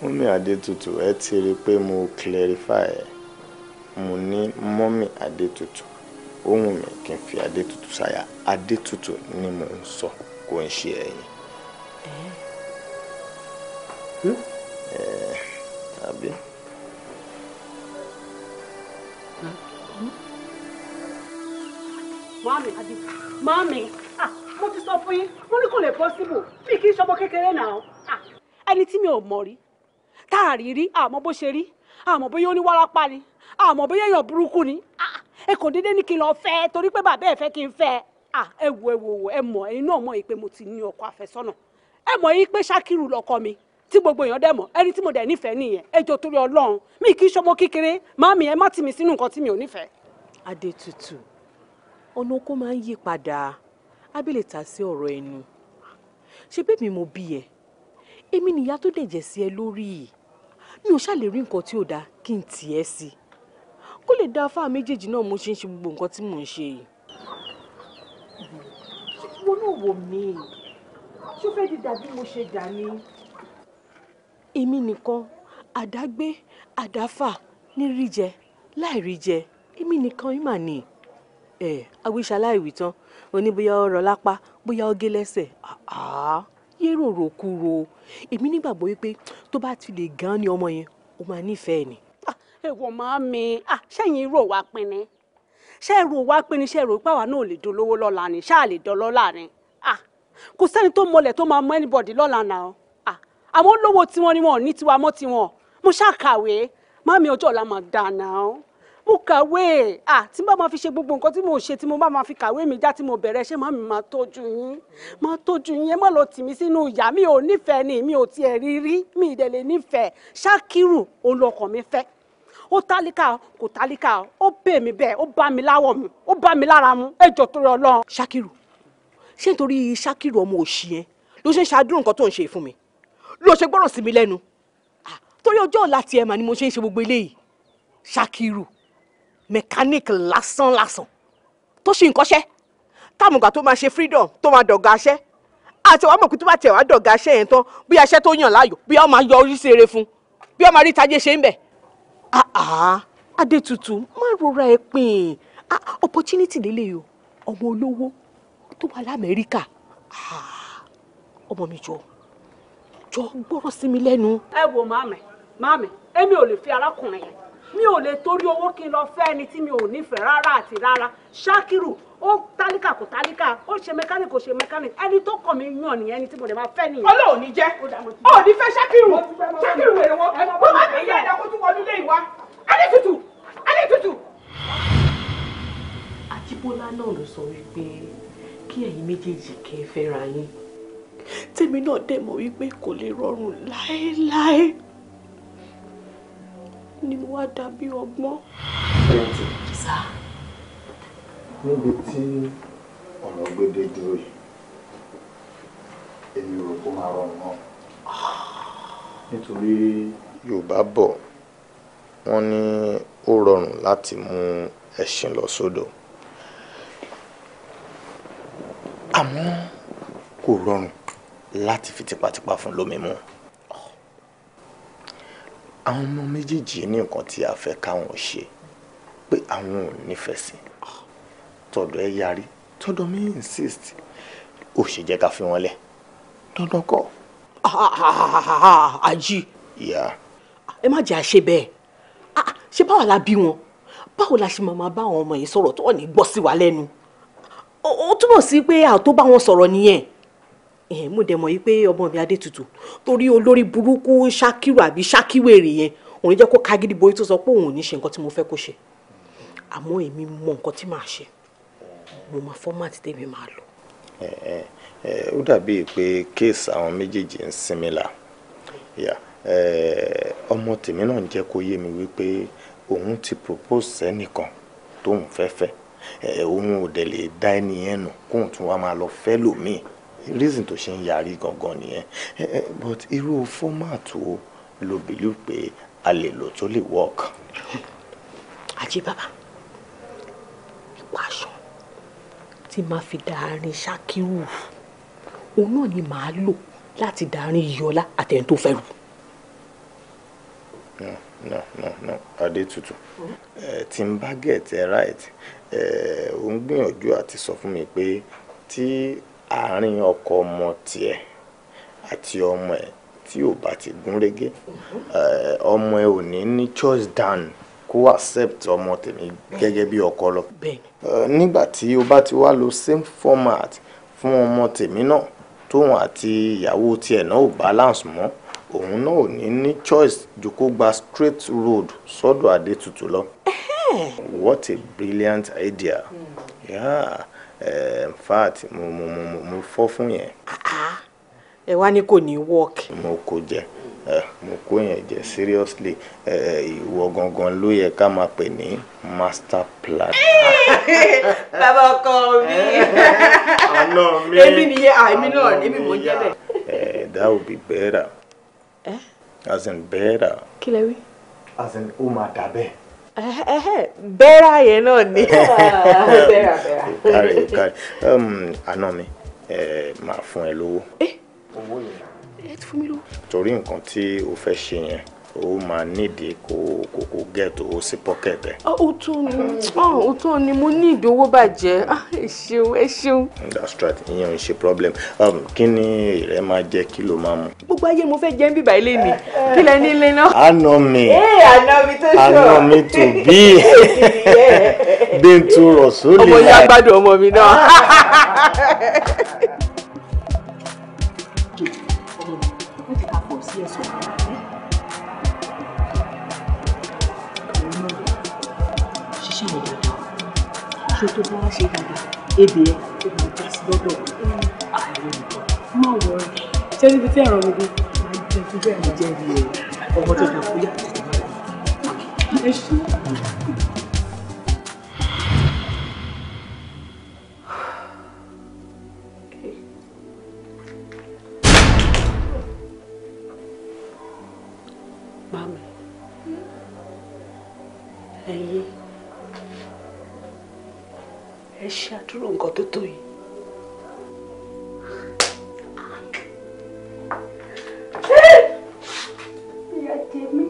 mọ́mí adétutù ẹ ti rí i pé mo clarify ẹ̀ mo ní mọ́mí adétutù ohun mi kì í fi adétutù ṣáyà adétutù ni mo ń sọ kò ń ṣe ẹ̀yìn. Hm? Hmm? ẹ àbí. Mommy, hmm? Mommy mo ti sọ fún yín mo ní kò lè possible mi kì í ṣọmọ kékeré náà. ẹni tí mi ò mọ̀ rí tá a rí rí àmọ́ bó ṣe rí àmọ́ bóyá ó ní wárápá ni àmọ́ bóyá èèyàn burúkú ni ẹ kò déédéé ní kí n lọ fẹ́ torí pé bàbá ẹ̀ fẹ́ kí n fẹ́ ẹ wo ẹ wo wo ẹ mọ̀ ẹ̀yin náà mọ̀ yìí pé mo ti ní ọkọ àfẹ́sọ́nà ẹ mọ̀ yìí pé ṣákìrù lọkọ mi tí gbogbo èèyàn dẹ̀ mọ̀ ẹni tí mo dẹ̀ nífẹ̀ẹ́ nìyẹn ẹjọ́ torí ọlọ́run mi kì í ṣọmọ kékeré màámi ẹ má tì mí sínú nǹkan tí mi ò nífẹ̀ẹ́. adétutù ọ̀nà oko máa ń yí padà abẹ́lẹ̀ ta sí ọ̀rọ̀ ẹnu ṣe bẹ́ẹ̀ mo bí ẹ èmi nìyá tó dẹ̀jẹ̀ sí ẹ lórí mi ò ṣàlè rí nǹkan tí ò dáa kí n tì ẹ́ sí kó lè da afá méjèèjì náà mo ṣe ń ṣe gbogbo nǹkan tí mò ń ṣe yìí. mo náà wò mí ṣó fẹ́ di dàbí mo ṣe dà ní. èmi nìkan àdágbé àdáfà ní ríjẹ láì ríjẹ èmi nìkan yìí mà ní ẹ awíṣaláìwí tán oní bóyá ó rọ lápá bóyá ó gé lẹ́sẹ̀ yé rorò kúrò èmi nígbàgbọ́ wípé tó bá ti lè gan ni ọmọ yẹn ó máa nífẹ̀ẹ́ ni. ẹ wọ màá mi ṣẹ́yìn rò wá pinni ṣe é rò wá pinni ṣe é rò pé àwa náà lè dolówó lọ́la ni ṣáà lè dọlọ́la ni kò sẹ́ni tó mọlẹ̀ tó máa mọ anybody lọ́la náà àwọn olówó tiwọn ni wọn ò ní tiwa mọ́ tiwọn mo ṣàkàwé má mi ọjọ́ ọ̀la máa dà náà mo kàwé ah, tí bá máa fi ṣe gbogbo nǹkan tí mo ṣe tí mo bá máa fi kàwé mi já tí mo bẹ̀rẹ̀ ṣé màmí máa tọ́jú yín máa tọ́jú yín ẹ má lọ tì mí sínú ìyá mi ò nífẹ̀ẹ́ ni mi ò tiẹ̀ rí rí mi ìdẹ̀lẹ̀ nífẹ̀ẹ́ ṣákírù olùọkàn mi fẹ́ ó tálíkà kò tálíkà ó bẹ̀ mí bẹ́ẹ̀ ó bá mi láwọ̀ mu ó bá mi lára mu ẹ jọ torí Ọlọ́run. ṣákírù ṣé nítorí ṣákírù ọmọ òṣì yẹn ló ṣe ń ṣàdúrò nǹkan tó ń ṣe fún mi ló ṣe gbọ́rọ̀ sí mi lẹ́nu torí ọjọ́ ọ̀la tiẹ̀ mà ni mo ṣe ń ṣe gbogbo eléyìí ṣákírù mechanic lásán lásán tó ṣì ń kọ́ṣẹ́ táàmùgbà tó máa ṣe freedom tó máa dọ̀gá aṣẹ́ àti wàá mọ̀ pé tó bá tẹ̀ wá dọ̀gá aṣẹ́ yẹn tán bí aṣẹ́ tó yàn láàyò bí wọ́n máa yọ orí sí eré fún bí wọ́n máa rí tajé ṣe ń bẹ̀. Adétutù má rora ẹ pin opportunity lélẹ̀ o ọmọ olówó tó wà lamẹ́ríkà ọmọ mi jọ jọ gbọ́rọ̀ sí mi lẹ́nu. ẹ wo màmí màmí èmi ò lè fi arákùnrin yẹn mi ò lè torí owó kí n lọ fẹ́ ẹni tí mi ò nífẹ̀ẹ́ rárá àti rárá ṣákìrù ó tálíkà kò tálíkà ó ṣe mẹkáníkì kò ṣe mẹkáníkì ẹni tó kàn mí yàn nìyẹn ẹni tí mo lè máa fẹ́ nìyẹn. ọlọ́run ní jẹ́ ọ ní fẹ́ ṣákìrù ṣákìrù wèrè wọn wọ́n máa fi yá ẹ̀dá kó tún wọnú ilé ìwá alẹ́ tutù alẹ́ tutù. àjíbọ́lá náà ló sọ wípé kí ẹ̀yin méjèèjì kẹ́ fẹ́ra ni mo wá dàbí ọgbọ́n. níbi tí ọ̀rọ̀ gbédè dúró yìí èmi rò kó máa rọrùn náà nítorí yorùbá bọ̀ wọ́n ní ó rọrùn láti mú ẹṣin lọ sódò àmọ́ kò rọrùn láti fi tipátipá fún lómi mu àwọn ọmọ méjèèjì ní nǹkan tí a fẹ́ káwọn ṣe pé àwọn ò nífẹ̀ẹ́ sí tọ̀dọ̀ ẹ yarí tọ̀dọ̀ mi insist ò ṣe jẹ́ ká fi wọn lẹ̀ dandan kọ́. ají. ìyá. ẹ má jẹ́ àṣẹ bẹ́ẹ̀ ṣé báwo la bí wọn báwo la ṣe máa máa bá àwọn ọmọ yìí sọ̀rọ̀ tó wọ́n ní gbọ́ sí wa lẹ́nu ó túmọ̀ sí pé àtó bá wọn sọ̀rọ̀ nìyẹn mo dẹ̀ mọ̀ yí pé ọmọ mi adétutù torí olórí burúkú ṣákìrò àbí ṣákìwèrè yẹn òun jẹ́ kó kagídí borí tó sọ pé òun ò ní ṣe nǹkan tí mo fẹ́ kó ṣe àmọ́ èmi mọ nǹkan tí màá ṣe mo máa fọ́mátì tèmi máa lò. ó dàbí pé kéèsì àwọn méjèèjì ń sinmi la ọmọ tèmi náà jẹ́ kó yé mi wípé òun ti propose sẹ́nìkan tóun fẹ́ fẹ́ òun ò dẹ̀ lè dá ẹni yẹn nù kóun tún wá máa lọ fẹ́ lòmíì reason tó ṣe ń yarí gangan nìyẹn but irú format wo lo believe pé a lè lò tó lè work. àjí bàbá ipa aṣọ tí màá fi dàárín ṣákírù òun náà ni màá lò láti dàárín yọlá àtẹ̀yìn tó fẹ́ rù. no no no no Adétutù tí n get right ò ń gbìyànjú àti sọ fún mi pé tí àárín ọkọ ọmọ tiẹ̀ àti ọmọ ẹ̀ tí ò bá ti gún régé ọmọ ẹ̀ ò ní ní choice down kó accept ọmọ tèmi gẹ́gẹ́ bí ọkọ lọ. nígbà tí o bá ti wá lo same format fún ọmọ tèmi náà tóun àti ìyàwó tiẹ̀ náà ò balance mọ́ òun náà ò ní ní choice ju kó gba straight road sọ́dọ̀ Adétutù lọ. what a brilliant idea. Hmm. Yeah. Eh, in fact mo mo mo mo fọ́ fún yẹn. Ah, ah. ẹ wá ní kò ní work. mo kò jẹ eh, mo kó yẹn jẹ seriously eh, ìwọ gangan ló yẹ ká máa pè ní master plan. bàbá ọkọ mi èmi nìyẹn àìmí ah, náà èmi mò ń jẹ bẹ́ẹ̀. that would be better. Eh? as in better. kí lẹ wí. as in ó máa dà bẹ́ẹ̀ bẹ́rà yẹn náà ni. bẹ́rà bẹ́rà. kárí kárí um, àná mi máa fún ẹ lówó. ẹ eh? owó yẹn. ẹ ti fún mi lówó. torí nǹkan tí o fẹ́ ṣe yẹn ó máa nídìí kò kò kò gẹ̀ẹ́tò ó sí pọ́kẹ̀tì. Ah, ó tó ni ó tó ni mo ní ìdówó bàjẹ́ ah, ẹ ṣeun ẹ ṣeun. that's right ìyẹn ò ń ṣe problem um, kí ni rẹ máa jẹ kí ló máa mu. gbogbo ayé mo fẹ́ jẹ́ ń bíbá ilé mi kí lẹ ní ilé náà. àná mi àná mi tó ṣọ àná mi tó bí Bintu Rasuli. ọmọ ìyá gbádùn ọmọ mi náà. ṣe tó bá ṣe dàgbà ebè ẹ ó máa dá sí lọ́dọ̀ ààrẹ nìkan má wọ ẹ ṣé níbi tí ẹ̀rọ mi bí máa ń jẹ fún bẹ́ẹ̀ mi jẹ́ ibi ọmọ tó dà fún yàtọ̀ ẹ ṣe. sírò nǹkan tó tó yìí. ìyá tèmi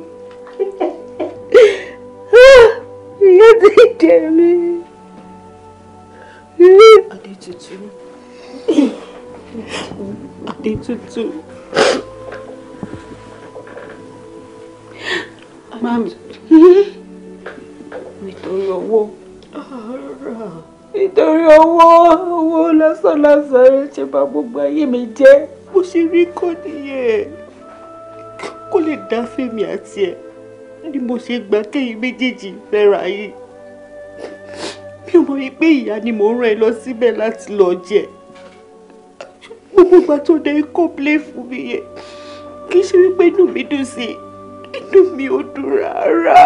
ìyá tèmi adé tuntun adé tuntun. Mami. owó lásán lásán rẹ ṣe bá gbogbo ayé mi jẹ́ bó ṣe rí kọ́ nìyẹn kó lè dá fèmí àti ẹ̀ ni mo ṣe gbà kéyìn méjèèjì fẹ́ra yìí mi ò mọ̀ pé ìyá ni mò ń rán ẹ lọ síbẹ̀ láti lọ jẹ gbogbo ìgbà tó dé kó plé fún mi yẹn kì í ṣe wípé inú mi dùn sí inú mi ò dùn rárá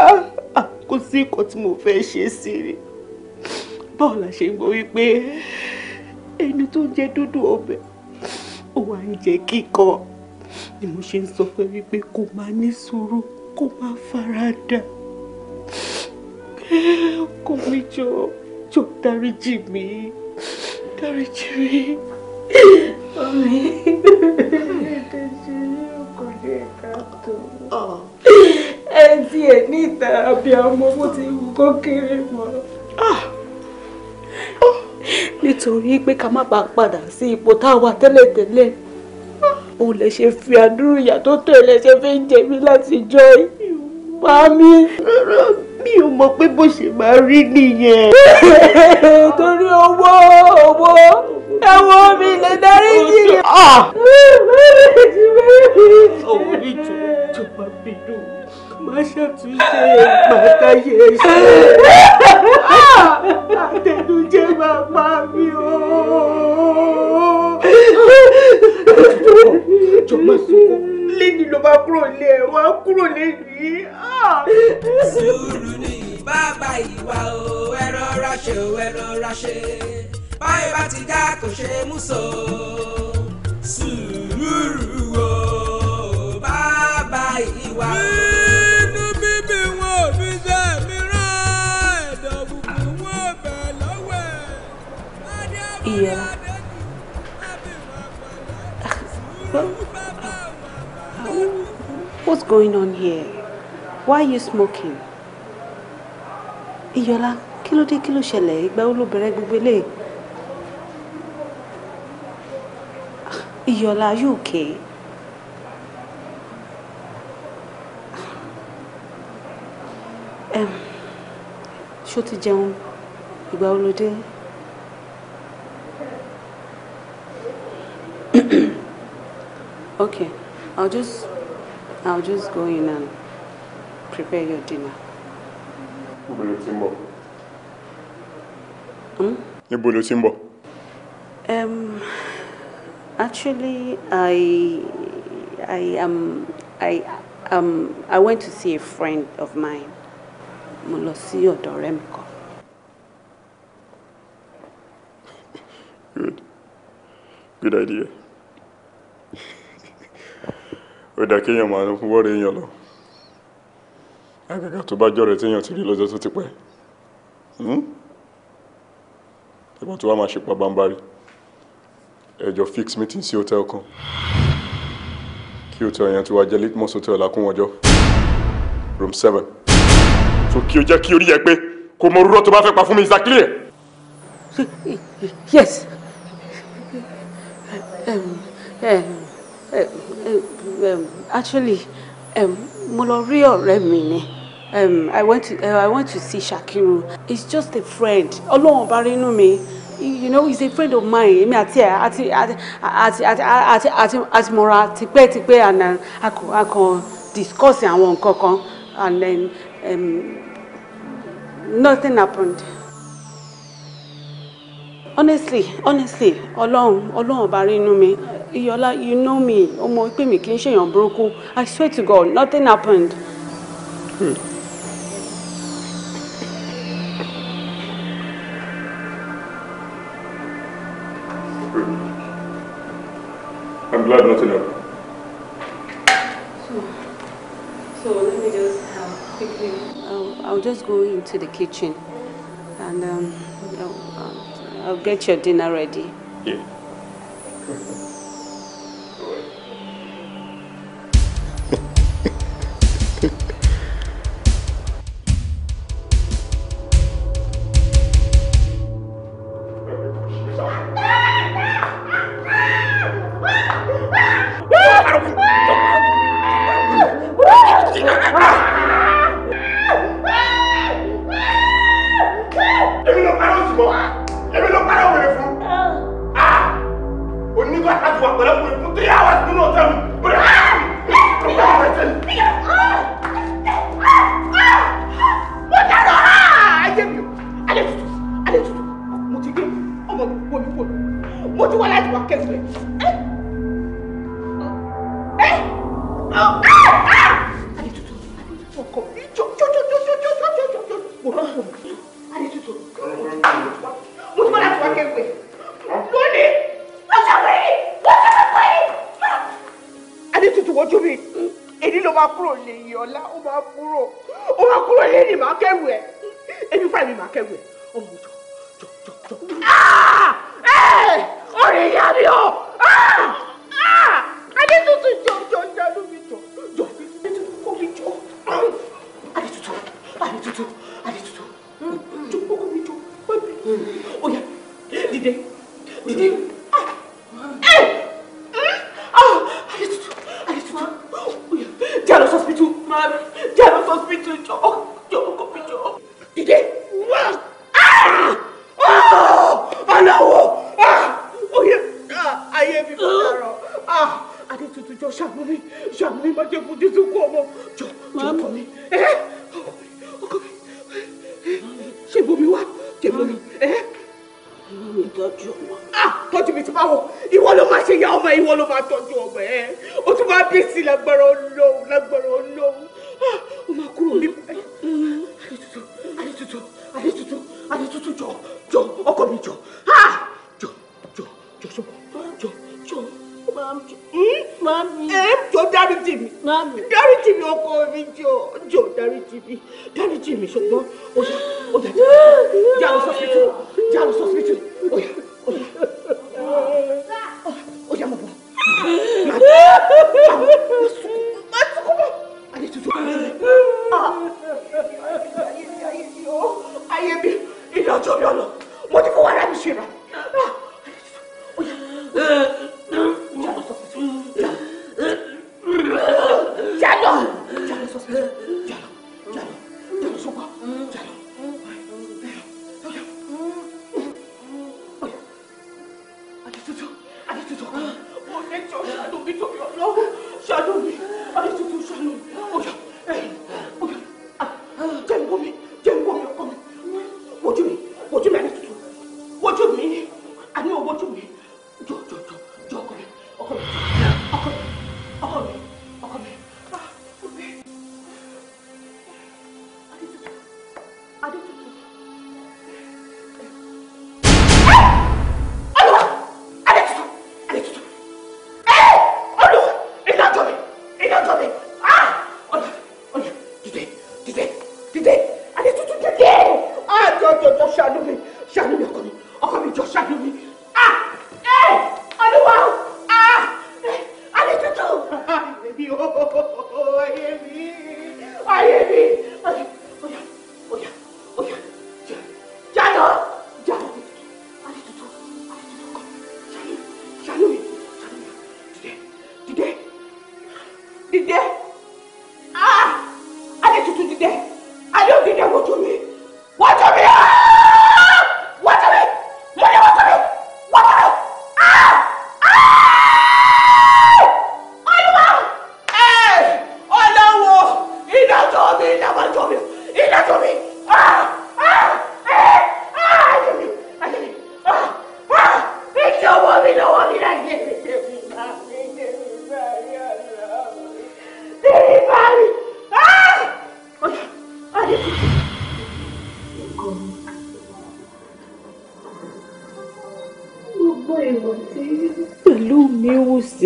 ah, kò sí nǹkan tí mo fẹ́ ṣe sí i báwo la ṣe ń gbọ́ wípé ẹni tó ń jẹ dúdú ọbẹ̀ ó wà ń jẹ kíkọ ni mo ṣe ń sọ pé wípé kó máa ní sùúrù kó máa farada kó mi jọ jọ dáríjì mi dáríjì mi. Omi ìdíje yóò kò lè ká tó. Ẹ tiẹ̀ ní ìtara bí ọmọ mo ti wú kó kéré mọ́. Ah. nítorí pé ká má bàa padà sí ipò tá a wà tẹ́lẹ̀tẹ́lẹ̀ òun lè ṣe fi àdúrà ìyà tó tó ẹ lè ṣe fi ń jẹ mí láti jọ ìwà mi mi ò mọ̀ pé bó ṣe máa rí nìyẹn. torí owó owó ẹ̀wọ̀n mi lè darí yìí méjì méjì. ọ̀wọ́ ìjọ ìjọba bínú má ṣàtúnṣe pàtàkì ẹ̀ṣẹ̀. àtẹnujẹ bàbá mi o. ìjọba sunkún lẹ́ni ló bá kúrò lé ẹ̀ wá kúrò lẹ́ni. sùúrù ni bàbá ìwà o ẹ rọra ṣe o ẹ rọra ṣe báyọ̀ bá ti já kò ṣe é mú so. sùúrù sùúrù what's going on here why are you smoking? Iyola, kilo ló kilo kí ló ṣẹlẹ̀ ìgbà wo gbogbo eléyìí. Iyọ̀lá, are you okay? Um, ṣó ti jẹun? Ìgbà wo ló Okay, I'll just I'll just go in and prepare your dinner. Níbo ló ti ń bọ̀? Hmm? Níbo ló Um. Actually, I, I am, I um, I went to see a friend of mine. Mo lọ Good. Good idea. Ó dà kéèyàn máa wọ́ọ̀rẹ́ èèyàn lọ. Àgàgà tó bá jọ̀rẹ̀ téèyàn ti rí lọ́jọ́ tó ti pẹ́. Ìgbà hmm? tó wá máa ṣe pa bámbárì ẹjọ fix meeting sí hotel kan kí hotel yẹn ti wá jẹ litmus hotel akúnwọjọ room seven so kí o jẹ́ kí orí yẹ pé kò mọ orúrọ́ tó bá fẹ́ pa fún mi is that clear. yes um, um, um, um actually um, mo lọ rí ọ̀rẹ́ mi ni. Um, I want to uh, I want to see Shakiru. He's just a friend. Ọlọ́run bá rí inú mi you know he's a friend of mine èmi àti ẹ àti àti àti àti àti àti mọ̀ra tipẹ́tipẹ́ and uh, a kàn discuss àwọn nǹkan kan and then um, nothing happened honestly honestly ọlọ́run ọlọ́run ọba rí inú mi iyọlá you know me ọmọ pé mi kì í ṣèyàn burúkú i swear to god nothing happened. Hmm. you nothing else. So, let me just um, quickly, I'll, I'll just go into the kitchen and um, I'll, um, I'll get your dinner ready. Yeah.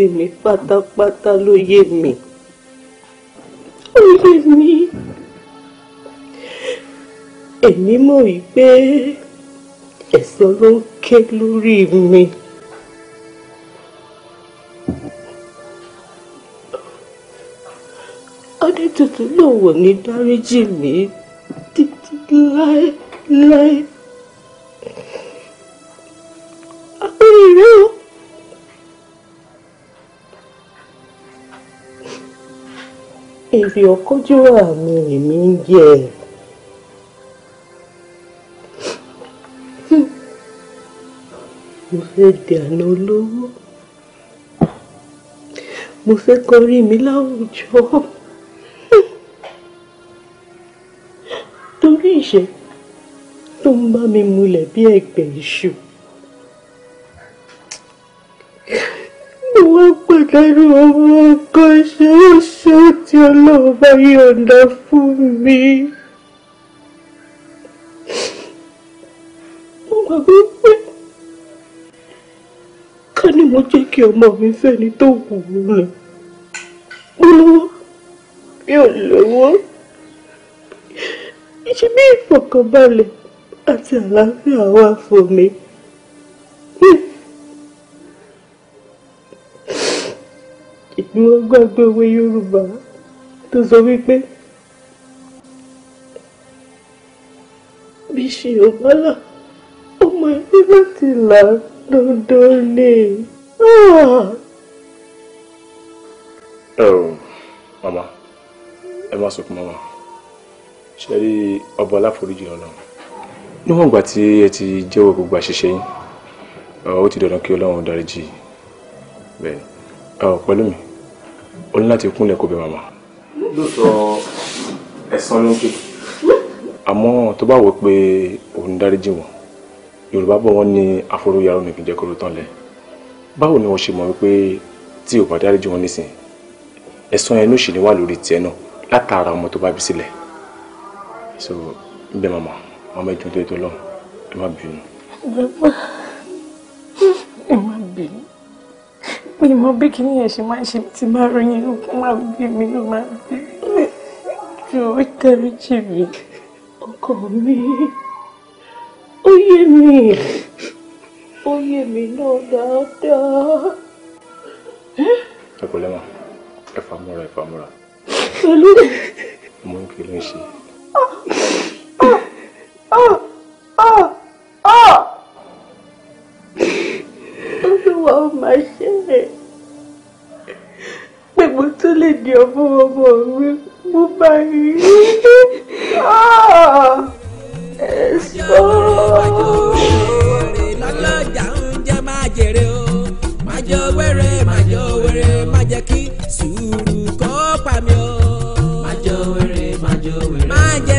ṣe mí pátápátá ló yé mi ó yé mi èmi mọ̀ wípé ẹ̀san ló ń ké lórí mi. Adétutù lòun ò ní dáríjì mí títí láéláé. èrè ọkọjúwà mi lèmi ń jẹ. mo fẹ́ dànù olówó mo fẹ́ kọrí mi láwùjọ torí ìṣẹ́ tó ń bá mi mulẹ̀ bí ẹ̀gbẹ́ iṣu. mo wá pàdánù ọmọ tí Ọlọ́run bá yọ̀ǹda fún mi. mo mọ̀ wípé ká ní mo jẹ́ kí ọmọ mi fẹ́ni tó wù ú lọ. mo lówó mi ò lówó. ṣe bí ìfọ̀kànbalẹ̀ àti àlàáfíà wà fún mi. ìlú ọgbàgbọ́ òwe Yorùbá tó sọ wípé Bísí Òpálá ọmọ ẹgbẹ́ láti là dandan ni. Ah! ẹ ò màmá ẹ má sọkún màmá ṣe rí ọba aláforíjì ọlọ́run níwọ̀n ìgbà tí ẹ ti jẹ́wọ́ gbogbo àṣìṣe yín ah, ó ti dandan kí ọlọ́run dáríjì bẹ́ẹ̀ ah, pẹ̀lú mi o ní láti kúnlẹ̀ kó bẹ̀ màmá lóòótọ́ ẹ̀san ló ń pè àmọ́ tó bá wò pé òun dáríjì wọn yorùbá bọ̀ wọ́n ní àforóyàrá omi kìí jẹ́ kóró tán lẹ̀ báwo ni wọ́n ṣe mọ̀ wípé tí ò bá dáríjì wọn nísìn ẹ̀san yẹn ló ṣì ní wà lórí tiẹ̀ náà látara ọmọ tó bá bí sílẹ̀ so ń bẹ màmá màmá ìjọ tó lọ́hùn ẹ má bínú. mi mọ bí kìíní yẹn ṣe máa ń ṣe ti máa rí yín ó máa bí mi ó máa bí mi jọ̀ọ́ tẹrí jì mí ọkọ mi ó yé mi ó yé mi náà dáadáa. ẹ kò lẹ́mọ̀ ẹ fàmúra ẹ fàmúra. pẹ̀lú. mo ń kí ló ń ṣe. ah ah ah ah. ah olúwa ó máa ṣe é pé mo tún lè di ọmọ ọmọ mi mo bá rí i ah!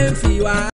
ẹ̀sọ́.